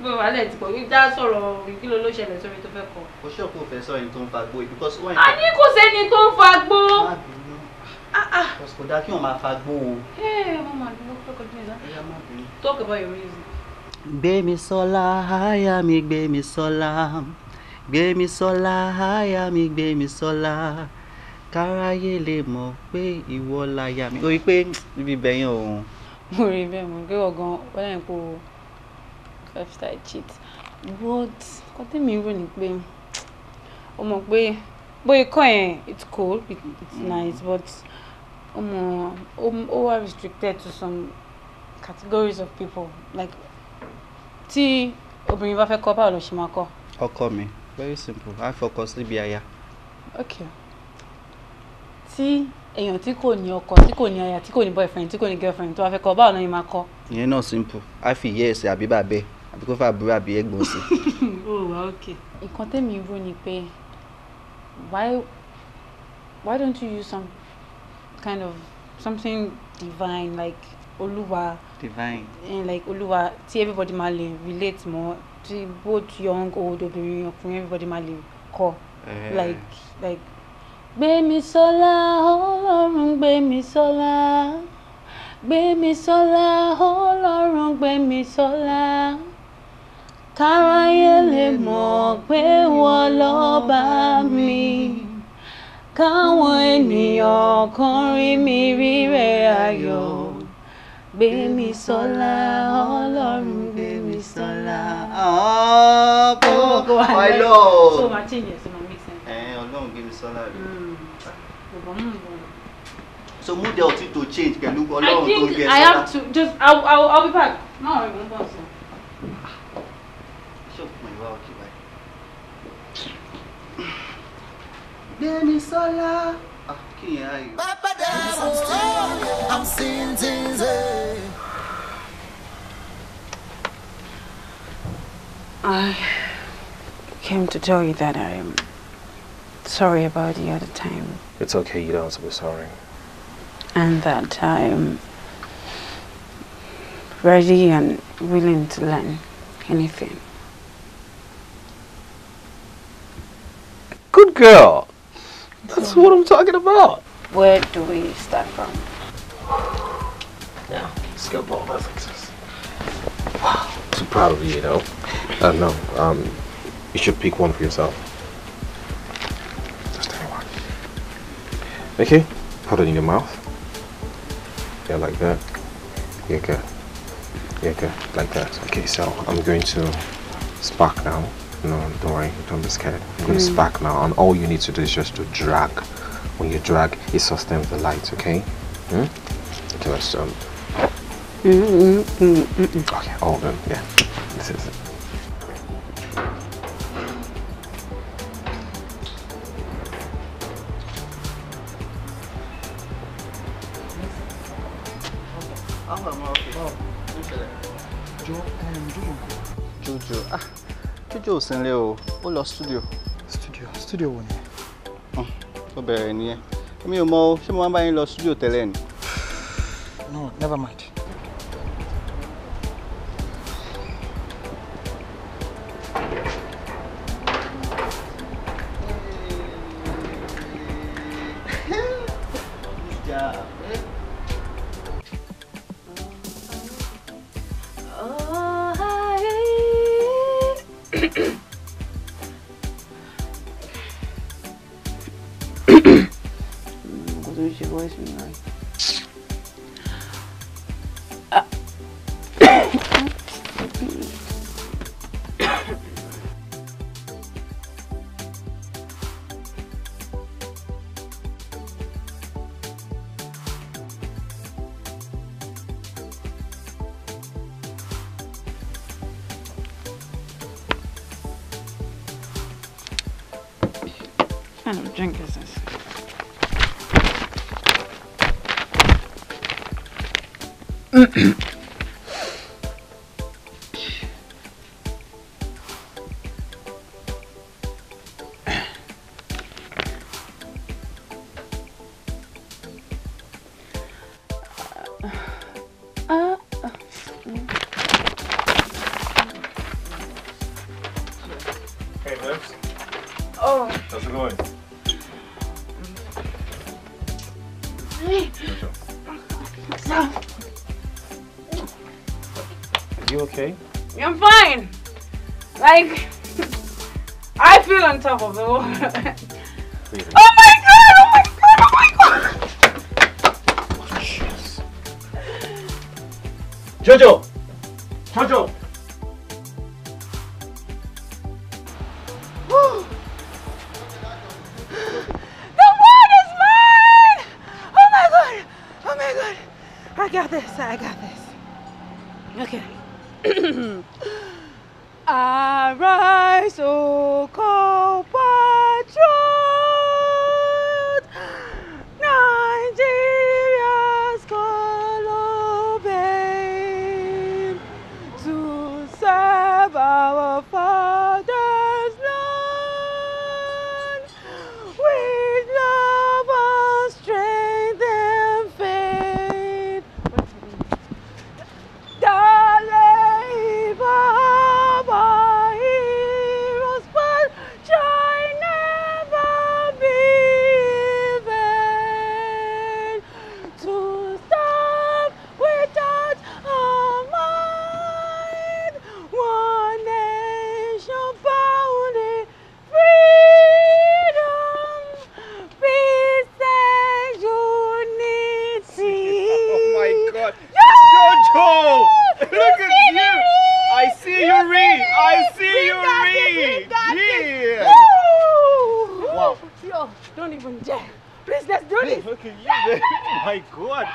gbé wàhálẹ̀ tí kò rí dá sọ̀rọ̀ kí ló ló ṣẹlẹ̀ sórí tó fẹ́ kọ. kò ṣọ́ọ̀kù fẹ́ sọ tó ń fa gbó yìí. a ní kò sẹ́ni tó ń fa gbó. má bínú Ah. kò dáa kí wọn máa fa so o. Eh, talk about your music. Gbémisọ́lá háyà mi Gbémisọ́lá Gbémisọ́lá háyà mi Gbémisọ́lá káráyé lè mọ̀ pé ìwọ láyà mi. orí pé níbi bẹ̀yẹn òun. mo rí bẹ́ẹ̀ mo gbé go, wọ́n yẹn kó five star cheat but kọ́ tẹ́mi rò ní pé o mọ̀ pé bóyá ikọ̀ yẹn it's cool it's mm-hmm. nice but. Mm -hmm um, um, over restricted to some categories of people like tí obìnrin bá fẹ́ kọ́ báwo ló ṣe máa kọ́. ọkọ mi very simple i focus níbi aya. ok tí èèyàn tí kò ní ọkọ tí kò ní aya tí kò ní boyfriend tí kò ní girlfriend tó bá fẹ́ kọ́ báwo ló ṣe máa kọ́. ìyẹn náà simple I fi ìyẹ́ ẹ̀sẹ̀ àbí bàbẹ́ àbí kó fà àbúrò àbí ẹ̀gbọ́n sí. o wa ok. nǹkan tẹ́mi rò ni pé why why don't you use some kind of something divine like Oluwa. Divine. And like Oluwa tí everybody máa lè relate mọ́ tí both young old obìnrin ọkùnrin everybody máa lè kọ. Eh. Like like. Gbémisọ́lá Ọlọ́run Gbémisọ́lá Gbémisọ́lá Ọlọ́run Gbémisọ́lá káráyé lè mọ̀ pé wọ́n lọ́ọ́ bá mi káwọn ènìyàn kan rí mi rírẹ̀ ayọ̀ gbémi sọlá ọlọ́run gbémi sọlá. Oh, eh? eh, hmm. ọ̀pọ̀ ọ̀lọ́. so ma change it so ma make sense. ẹ ọlọ́run gbémi sọlá rẹ. bùbọ̀ mú bọ̀. so mood dey ọtí to change pẹ̀lú ọlọ́run tó gbé ẹ sọlá. i think i have to just i will i will be back. má wàá rí mo ń bọ̀ sọ. Ah, Papa Dabo, I'm seeing things, eh. I came to tell you that I'm sorry about the other time. It's okay, you don't have to be sorry. And that I'm ready and willing to learn anything. Good girl. That's what I'm talking about. Where do we start from? Yeah, skill ball does exist. Wow. So proud of you, you know. I don't know. Um, you should pick one for yourself. Just anyone. Okay, put it in your mouth. Yeah, like that. Yeah, good. Yeah, good. Like that. Okay, so I'm going to spark now no, don't worry, don't be scared. I'm going mm. to spark now, and all you need to do is just to drag. When you drag, it sustains the light, okay? Mm? Okay, let's um. Mm -hmm. Mm-hmm, mm-hmm, mm-hmm. Okay, all of them, yeah. This is it. Gòkè ò sí nílé o ó lọ studio. studio studio wo ni. ó bẹ̀rẹ̀ nìyẹn mi ò mọ ṣé mo máa ń bá yín lọ studio tẹ́lẹ̀ ni. no never mind. kind of drink is this? Oh my god, Oh my god, Oh my god! Dziodzio! Don't even dare. Please, let's do this. Look at you, My God.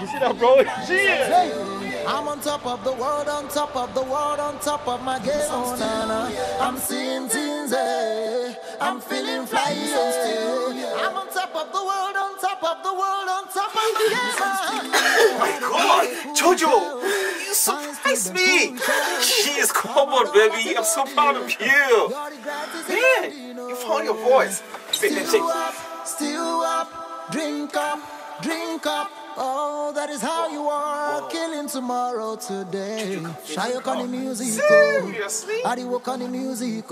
You see that, bro? Cheers. I'm on top of the world, on top of the world, on top of my game. Oh, nana. I'm seeing things, eh. I'm feeling fly, eh. I'm on top of the world, on top of the world, on top of the game. oh my God, Jojo, you surprised me. Jeez, come on, baby. I'm so proud of you. Man, you found your voice. 56. Still up, still up, drink up, drink up. Oh, that is how you are. Whoa. Killing tomorrow today. Shy on the music. Seriously? How you work on the music?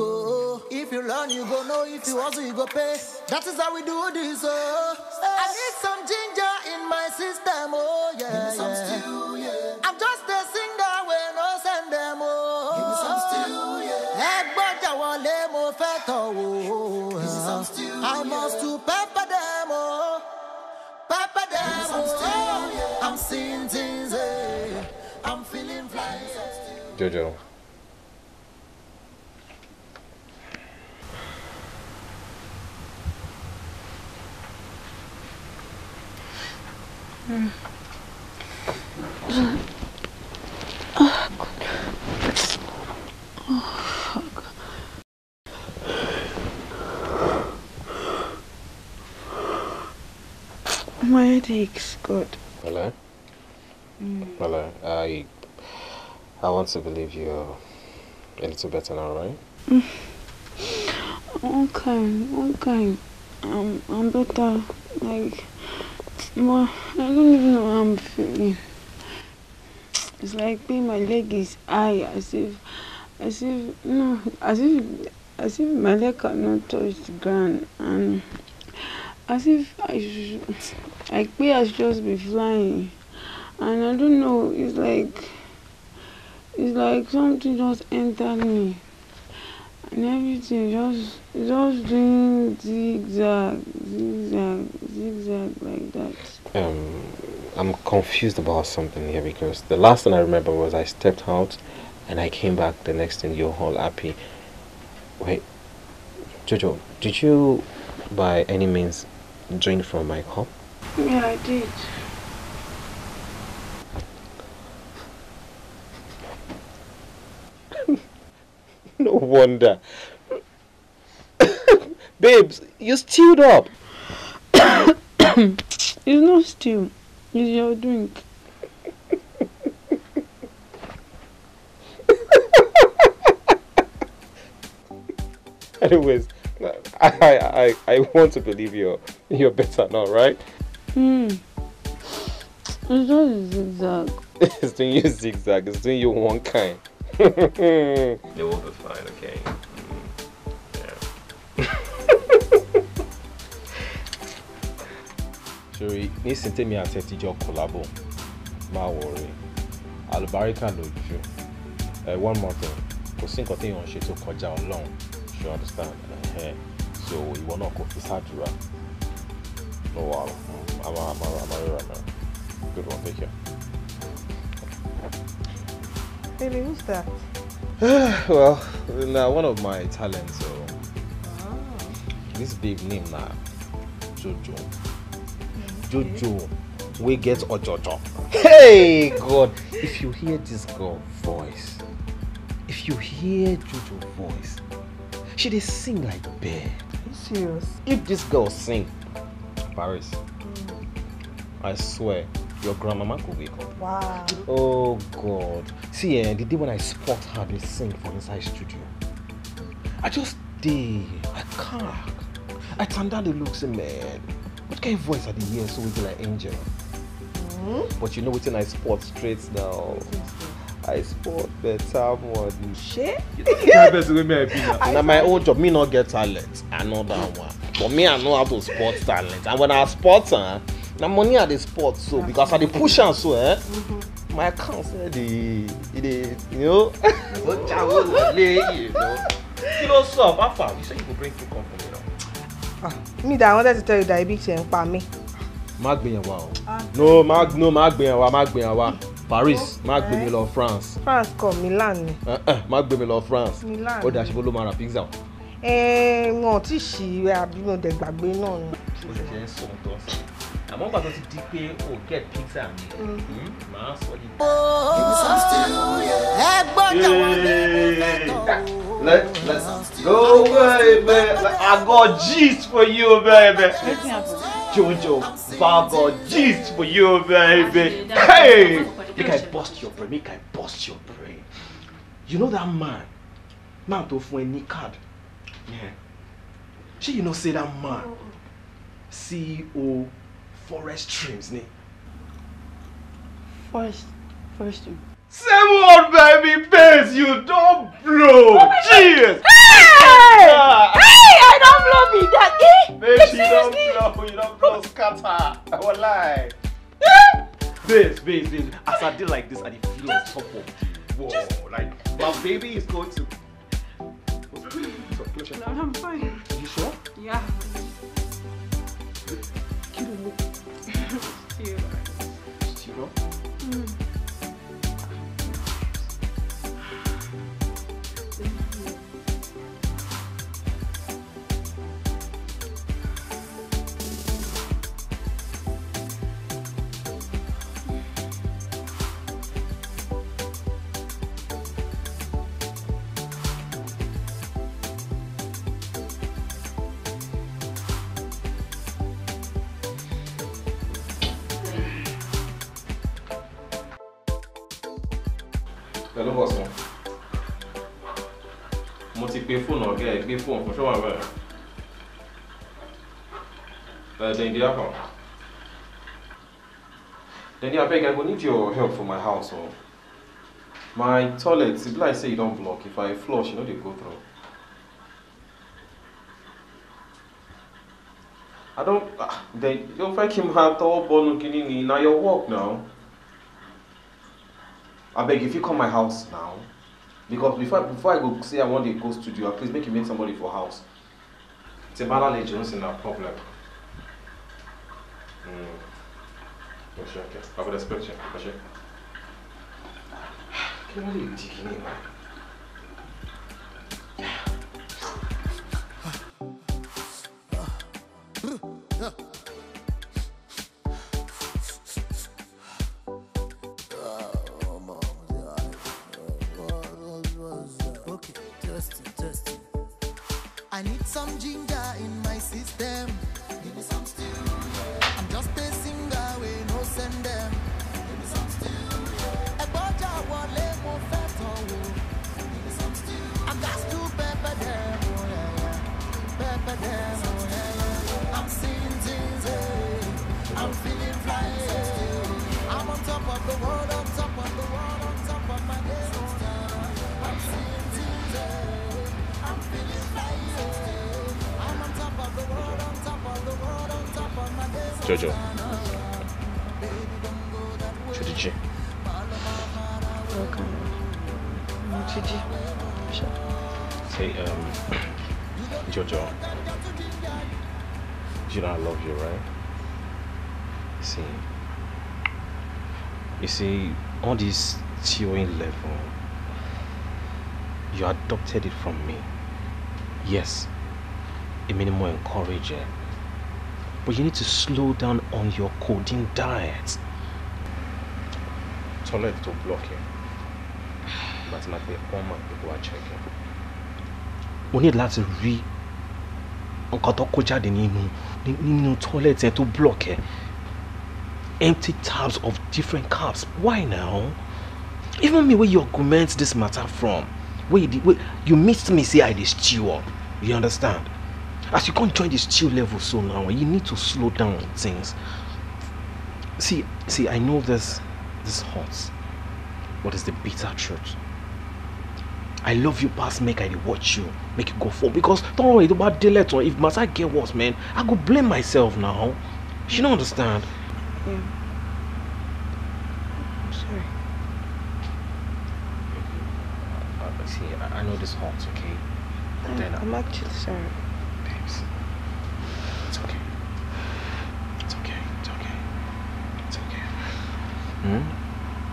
If you learn, you go know. If you also, you go pay. That is how we do this. Oh. I need some ginger in my system. Oh, yeah. Give me some stew, yeah. I'm just a singer when I send them. Oh. Give me some stew, yeah. Egg, but I want them. Oh, fat, oh, oh. Give me some stew. I must to pepper them, oh, them, oh. I'm seeing things, eh. I'm feeling fly. Jojo. Mm. Oh, God. My headache's good. Hello? Mm. Hello. I I want to believe you're a little better now, right? Mm. Okay, okay. Um, I'm better. Like, more, I don't even know how I'm feeling. It's like being my leg is high, as if, as if, no, as if, as if my leg cannot touch the ground. And as if I should, like we I should just be flying. And I don't know, it's like, it's like something just entered me. And everything just, just doing zigzag, zigzag, zigzag like that. Um, I'm confused about something here because the last thing I remember was I stepped out and I came back the next thing you're all happy. Wait, Jojo, did you by any means Drink from my cup. Yeah, I did. no wonder. Babes, you stewed up. it's not stew. It's your drink. Anyways. I, I, I want to believe you're, you're better now, right? Hmm. It's doing zigzag. it's doing you zigzag. It's doing you one kind. it will be fine, okay? Yeah. Sorry, nísìnyí tèmi àti ẹ ti jọ collabo. Má worry. Àlùbáríkà lójú. Eh, one more thing. Kò sí nǹkan téèyàn ṣe tó kọjá Ọlọ́run. You understand? so you náà kò fi ṣàdúrà no wow. i'm a i'm a i'm a right good one take care. Baby, who's that? well, nah, one of my talents. So oh. Ah. this babe name now, nah, Jojo. Jojo, we get Ojojo. Hey God, if you hear this girl voice, if you hear Jojo voice, she did sing like a bird. Are you serious? If this girl sing, Paris, mm. I swear, your grandmama could wake up. Wow. Oh God. See, eh, the day when I spot her, they sing for inside studio. I just did. I can't. I turned down the looks, eh, man. What kind of voice are they ears so we like angel? Mm -hmm. But you know, within I spot straight now. i sport better money. shey you know the best wey me i be na my own job me no get talent i know that one but me i know how to sport talent and when i sport am na money i dey sport so because i dey push am so eh. Mm-hmm. my account sef eh, the e dey you know. o jawo wọlé yìí lọ kí ló sọ papa you say you go bring two come for me now. me that i wanted to tell you that ibi tí ẹ ń pa mí. má gbìyànjú wa o ah. no má no má gbìyànjú wa má gbìyànjú wa Paris má gbé mi lọ France. France kọ Milan ni. Eh, eh, má gbé mi lọ France. Milan ni ó dà ṣe bó ló máa ra pizza o. wọn ò tí ì ṣí àbí mo dẹ̀ gbàgbé náà ni. o ṣẹ̀ṣẹ̀ ń sọ tó ń sọ àmọ́ nígbà tó ti di pé o get pizza mi mm. hmm? màá sọ di. ẹ gbọ́dọ̀ wọn ní ilé tán. go away I got gist for you babe. Jojo baba gist for you babe. Hey make I bust your brain make I bust your brain you know that man man tó fún ẹ card yeah. ṣé you know say that man oh. CEO forest streams ni. forest forest stream. same old baby face you don't blow oh cheers. Hey! Yeah. hey I don't blow me that eh. make she don blow you don't blow scatter i won't lie. this, this, this. As I did like this, and it flew on top of. Whoa, just, like my baby is going to. No, I'm fine. you sure? Yeah. pẹ̀lú bọ̀sán mo ti pe fóònù ọ̀gá ẹ̀ gbé fóònù fún ṣọ́wọ́n rẹ̀ ẹ̀ dẹ̀ndé apá dẹ̀ndé abeg I go need your help for my house o oh. my toilet e be like say e don block if I flush e no dey go through. I don't, uh, ah, they, you don't fake him have to all born, na your work now. I beg if you come my house now, because before before I go say I want to go studio, please make you meet somebody for house. It's a matter of Johnson a problem. Mm. Okay, okay. I would expect you. Okay. you in, man? Yeah. some ginger in my system. Give me some stew. Yeah. I'm just a singer, we no send them. Give me some stew. Give me some stew. I got to pepper them, oh yeah, yeah. Pepper them, oh, I'm seeing things, eh. I'm feeling fly, eh. I'm on top of the world, on top of the world. Jojo. Chodiji. Welcome. Chodiji. Say, um, Jojo. You know I love you, right? See. You see, all this TOing level, you adopted it from me. Yes, A minimal encourager, but you need to slow down on your codeine diet. toilet to block ẹ but na pe one man gbogbo wa check ẹ. mo ní láti rí nǹkan tó kó jáde nínú toilet to block it. empty tabs of different cups why now even me where you augment this matter from where you dey you missed me say i dey stew up you understand. As you can't join the chill level so now, you need to slow down things. See, see, I know this this hurts, but it's the bitter truth. I love you past make I watch you, make you go for because don't worry about the letter. if matter get worse, man, I go blame myself now. She don't understand. Yeah. I'm sorry. Uh, uh, see, I know this hurts, okay? I, uh, I'm actually sorry. Hmm?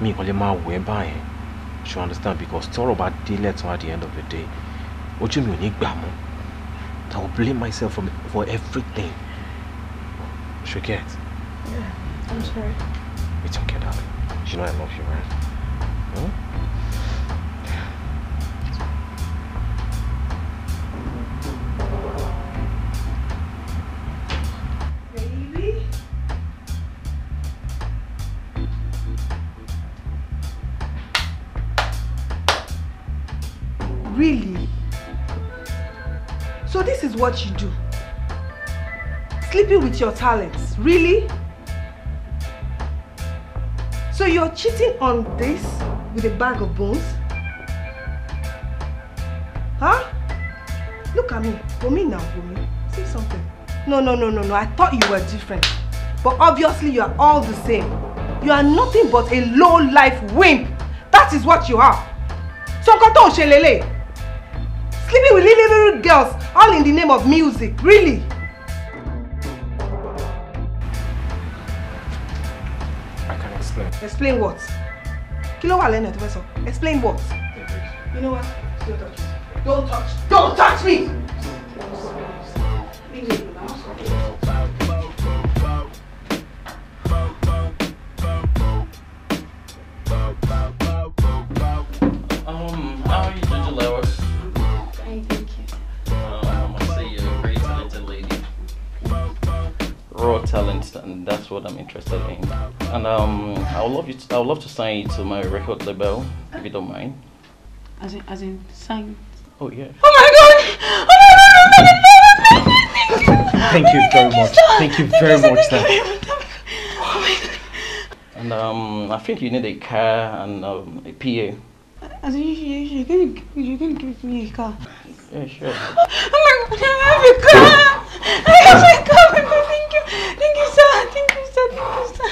mi me lè máa wò ẹ́ báyẹn you understand because tọ́rọ̀ bá délẹ̀ tán at the end of the day What you mean, ní gbà mọ́ I will blame myself for, for everything you get. Yeah, I'm sorry. It's okay, darling. You know I love you, right? Hmm? what you do. Sleeping with your talents. Really? So you're cheating on this with a bag of bones? Huh? Look at me. for me now, Wumi. Say something. No, no, no, no, no. I thought you were different. But obviously you are all the same. You are nothing but a low-life wimp. That is what you are. So kato tó ń Sleeping with little, little girls, all in the name of music, really? I can explain. Explain what? Kí ló Leonard, lẹ́nu ẹ̀ Explain what? You know what? Don't touch. Don't touch. Don't touch me! that's what I'm interested in. And um, I would love you. To, I would love to sign to my record label, if you don't mind. As in, as in, sign. Oh yeah. Oh my god! Oh my god! Thank you very much. Thank you very much. Oh and um, I think you need a car and um, a PA. As you, you, you're gonna, you're gonna give me a car. Yeah, sure. Oh my God, I have a car! I have a car! Thank you, thank you so think you said post. I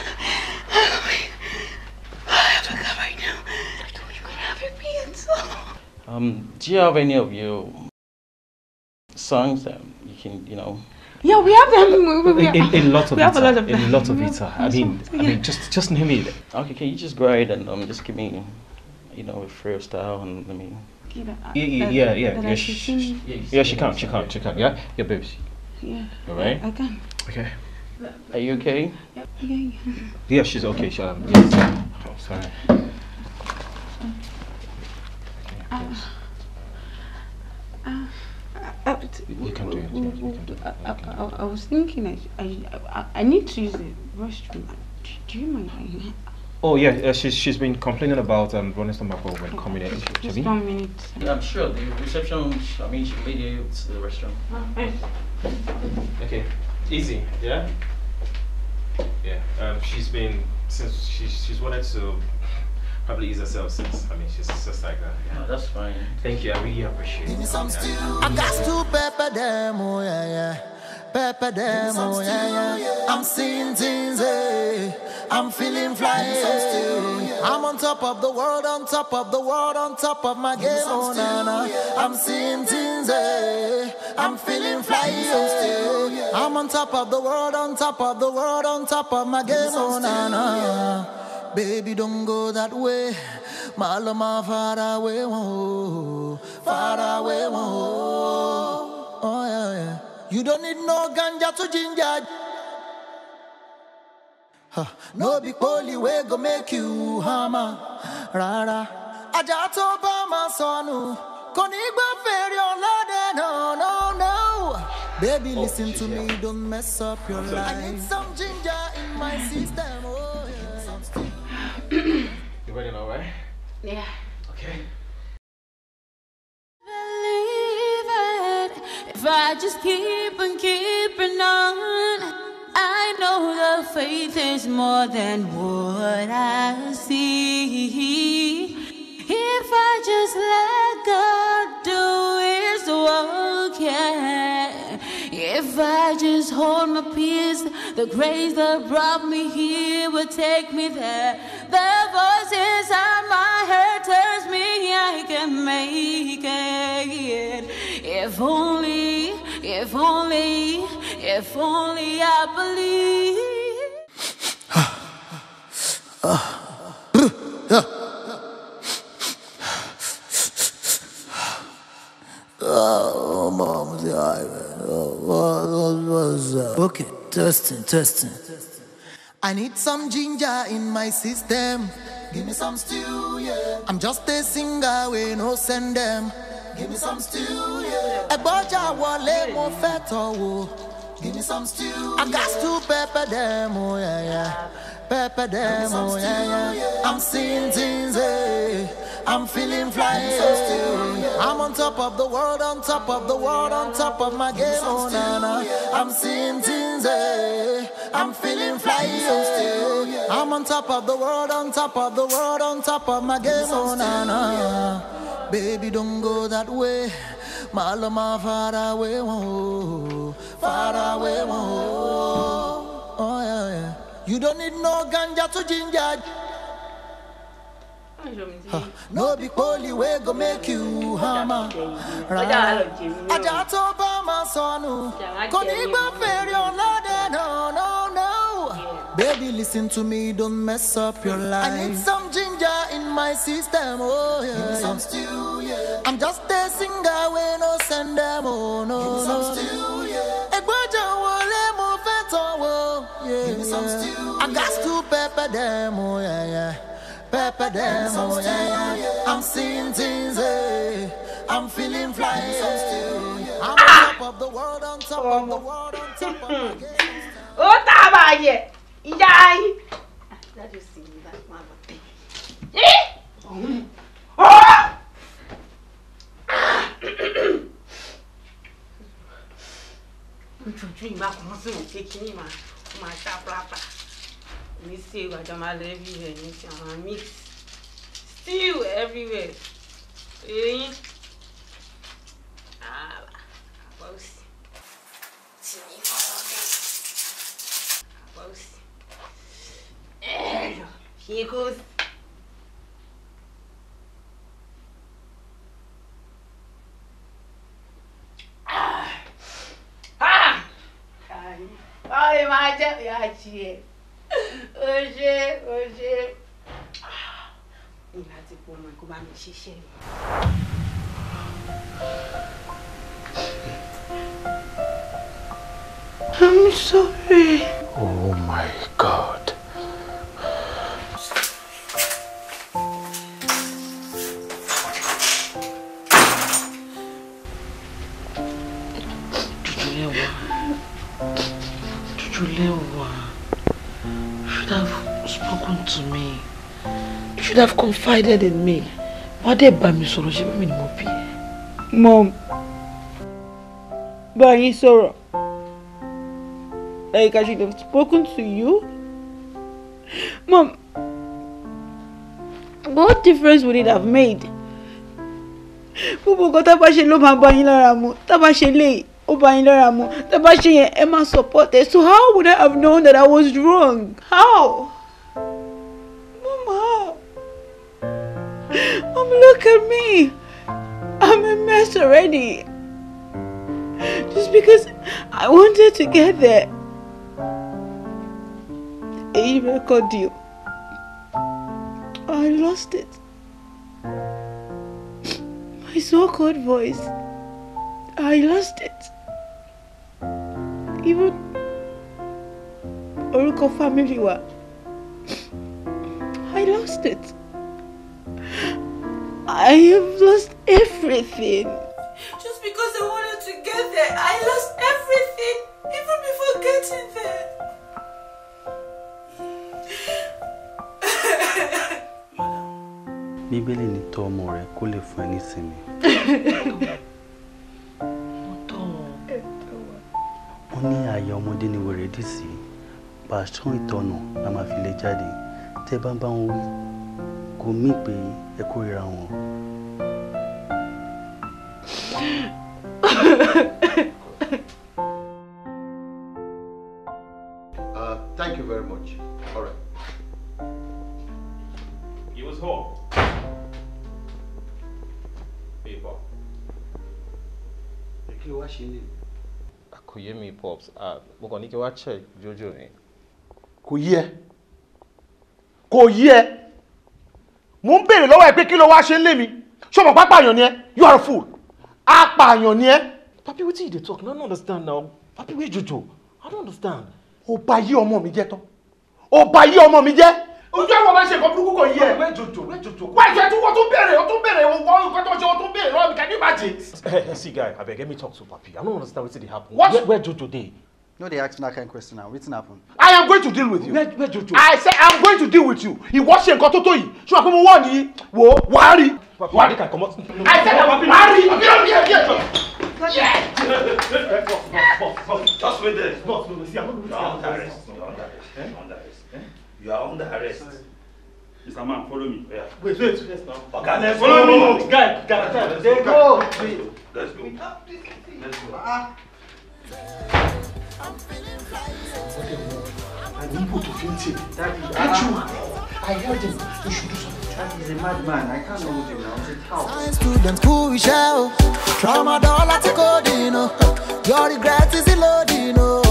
have a gun right now. I told you I have it being Um, do you have any of your songs that you can, you know? Yeah, we have them. We, we, we have, a, a, lot of we have a lot of them. In lots of it. I mean, I mean, just just name it. Okay, can you just go ahead and um, just give me, you know, a freestyle and let me. You know, yeah, yeah, that, yeah, yeah. yeah, she, can't, she can't, she can't. Yeah, yeah, baby. Yeah. All right. I can. Okay. Are you okay? Yeah, yeah. Yeah, she's okay. She, um, yes. Oh, sorry. Uh, uh, uh, I, was thinking I, I, I need to use the restroom. Do you mind? Oh yeah, uh, she's she's been complaining about um, running stomach when okay. coming in. Just, just one minute. Yeah, I'm sure the reception. I mean, she lead you to the restroom. Ah, okay. Easy. Yeah. Yeah, um, she's been, since she, she's wanted to probably ease herself since, I mean, she's just like that. Yeah. that's fine. Thank you, I really appreciate it. Give me some yeah. I got to pepper them, oh yeah, yeah. Pepper them, oh yeah, yeah. I'm seeing things, eh. I'm feeling fly. Eh. I'm on top of the world, on top of the world, on top of my game, oh na na. I'm seeing things, eh. I'm feeling fly still. Yeah. I'm on top of the world, on top of the world, on top of my game. Oh, nah. na. Yeah. Baby, don't go that way. My love, my far away, oh, far away, oh, oh yeah, yeah. You don't need no ganja to ginger. Huh. No big poly way go make you hammer, rara. Ajato Obama sonu, koni gba feri online. Baby, oh, listen to me, don't mess up your life. I need some ginger in my system. Oh, yeah. you ready now, right? Yeah. Okay. Believe it. If I just keep on keeping on, I know the faith is more than what I see. If I just let go. If I just hold my peace, the grace that brought me here will take me there. The voice inside my head tells me I can make it. If only, if only, if only I believe. Oh, mom's Book it, testing, testing. I need some ginger in my system. Give me some stew, yeah. I'm just a singer, we no send them. Give me some stew, yeah. Ẹgbọ́jà wọlé mo feto. tọ̀ wò. Give me some stew. I got to pepper them, oh yeah, yeah. Pepper them, oh yeah, yeah. I'm seeing things, eh. I'm feeling fly. I'm on top of the world, on top of the world, on top of my game. Oh, nana. I'm seeing things. Eh. I'm feeling fly. still. I'm on top of the world, on top of the world, on top of my game. Oh, nana. Baby, don't go that way. My love, my far away. Oh, far away. Oh, oh yeah, yeah. You don't need no ganja to ginger. No be holy way go make you hammer. Ajá tó bá máa sọnù, kò ní gbọ́ fèrè ọ̀làdẹ̀ no no no. Baby listen to me, don't mess up your life. I need some ginger in my system, oh yeah. Need some stew, yeah. I'm just a singer when no send them, oh no no. Need some stew, yeah. Ẹgbọ́njẹ wọlé mo fẹ́ tán wo, oh, yeah. Need some stew, yeah. I got to pepper them, oh yeah yeah. pepper them oh, yeah, yeah. I'm seeing things, eh. I'm feeling fly. Eh. I'm on top of the world, on top of the world, on top of the Ó tá a bá yẹ, ìyá ayé. Dájú sí ni bá máa bọ̀ see gbajamale everywhere ní ti àwọn mix still everywhere eyín àbá ah, òsì tì mí fọwọ́ bẹ́ẹ̀ àbá òsì ẹ̀rọ here goes. Ah! Ah! Ai, mas é... Ai, tia. Ah, I'm sorry. Oh. should have confided in me. What did bá mi sọ̀rọ̀ ṣé mi ni Mom, bá yín Like I should have spoken to you. Mom, what difference would it have made? Gbogbo nǹkan tá a bá ṣe ló máa bá yín lára mu. Tá a bá ṣe léyìí, ó bá yín mu. Tá a bá ṣe yẹn, ẹ support So how would I have known that I was wrong? How? Look at me. I'm a mess already. Just because I wanted to get there. a called you. I lost it. My so-called voice. I lost it. Even Oruko family were. I lost it. I have lost everything. Just because I wanted to get there, I lost everything, even before getting there. Bíbélì ní tọ́ ọmọ rẹ kó lè fún ẹ nísinmi. Mo tọ́ wọn. Wọ́n ní ààyè ọmọdé ni wèrè dì sí. Pàṣán ìtọ́nà la máa fi lè jáde. Tẹ́ bá ń bá wọn wí kò mí pé ẹ kórìíra wọn. Uh, thank you very much. All right. Give us hope. People. Ẹ kí ló wá ṣe nílùú? Kò pops, mo kàn ní kí wá check Jojo ni. Kò yé ẹ, kò yé mo ń béèrè lọ́wọ́ ẹ pé kí ló wá ṣe ń lé mi ṣọmọ pápá àyàn ni ẹ you are a fool apààyàn ni ẹ. papi wetin you dey talk no no understand now papi wey jojo i don't understand. ó bà yí ọmọ mi jẹ́ tán ó bà yí ọmọ mi jẹ́. ojú ẹ̀wọ̀n máa ṣe nǹkan burúkú kan yìí ẹ. wẹ́ẹ̀ jojo wẹ́ẹ̀ jojo. wẹ́ẹ̀ jẹ́ tí wọ́n tún bẹ̀rẹ̀ wọ́n tún bẹ̀rẹ̀ wọ́n nǹkan tó ṣe wọ́n tún lọ́wọ́ mi can you imagine. Eh, eh, see guy abeg let me talk to papi i no understand wetin dey happen. what where jojo dey No, they ask that kind of question now. What's happened? I am going to deal with you. Where, where where? I said I am going to deal with you. Ìwọ ṣe nǹkan tó tó yìí. Ṣé wàá pé mo wọ̀ ní wo wàárí? Wàárí kà kọ́mọ́. I said I'm wàárí. Abirami yẹ bí ẹ̀jọ̀. Just wait there. Boss, no, no, see, I'm not going to under arrest. You're under arrest. Eh? Eh? You are under arrest. Mr. Man, follow me. Yeah. Wait, wait. Oga, let's go. Follow me. Guy, guy, let's go. Let's go. Let's go. Let's go. I'm feeling to feel sick. That is ah. you. I heard him. You should do something. That is a madman. I can't know him now. It's how. Science students pull shell. Trauma dollar to codino. Your regret is elodino.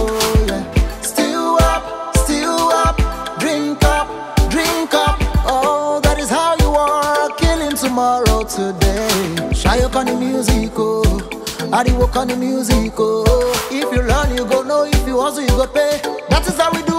Yeah. Still up, still up. Drink up, drink up. Oh, that is how you are. Killing tomorrow today. Shy up on the music, oh. I work on the music, oh. If you learn, you go know. If you hustle, you go pay. That is how we do.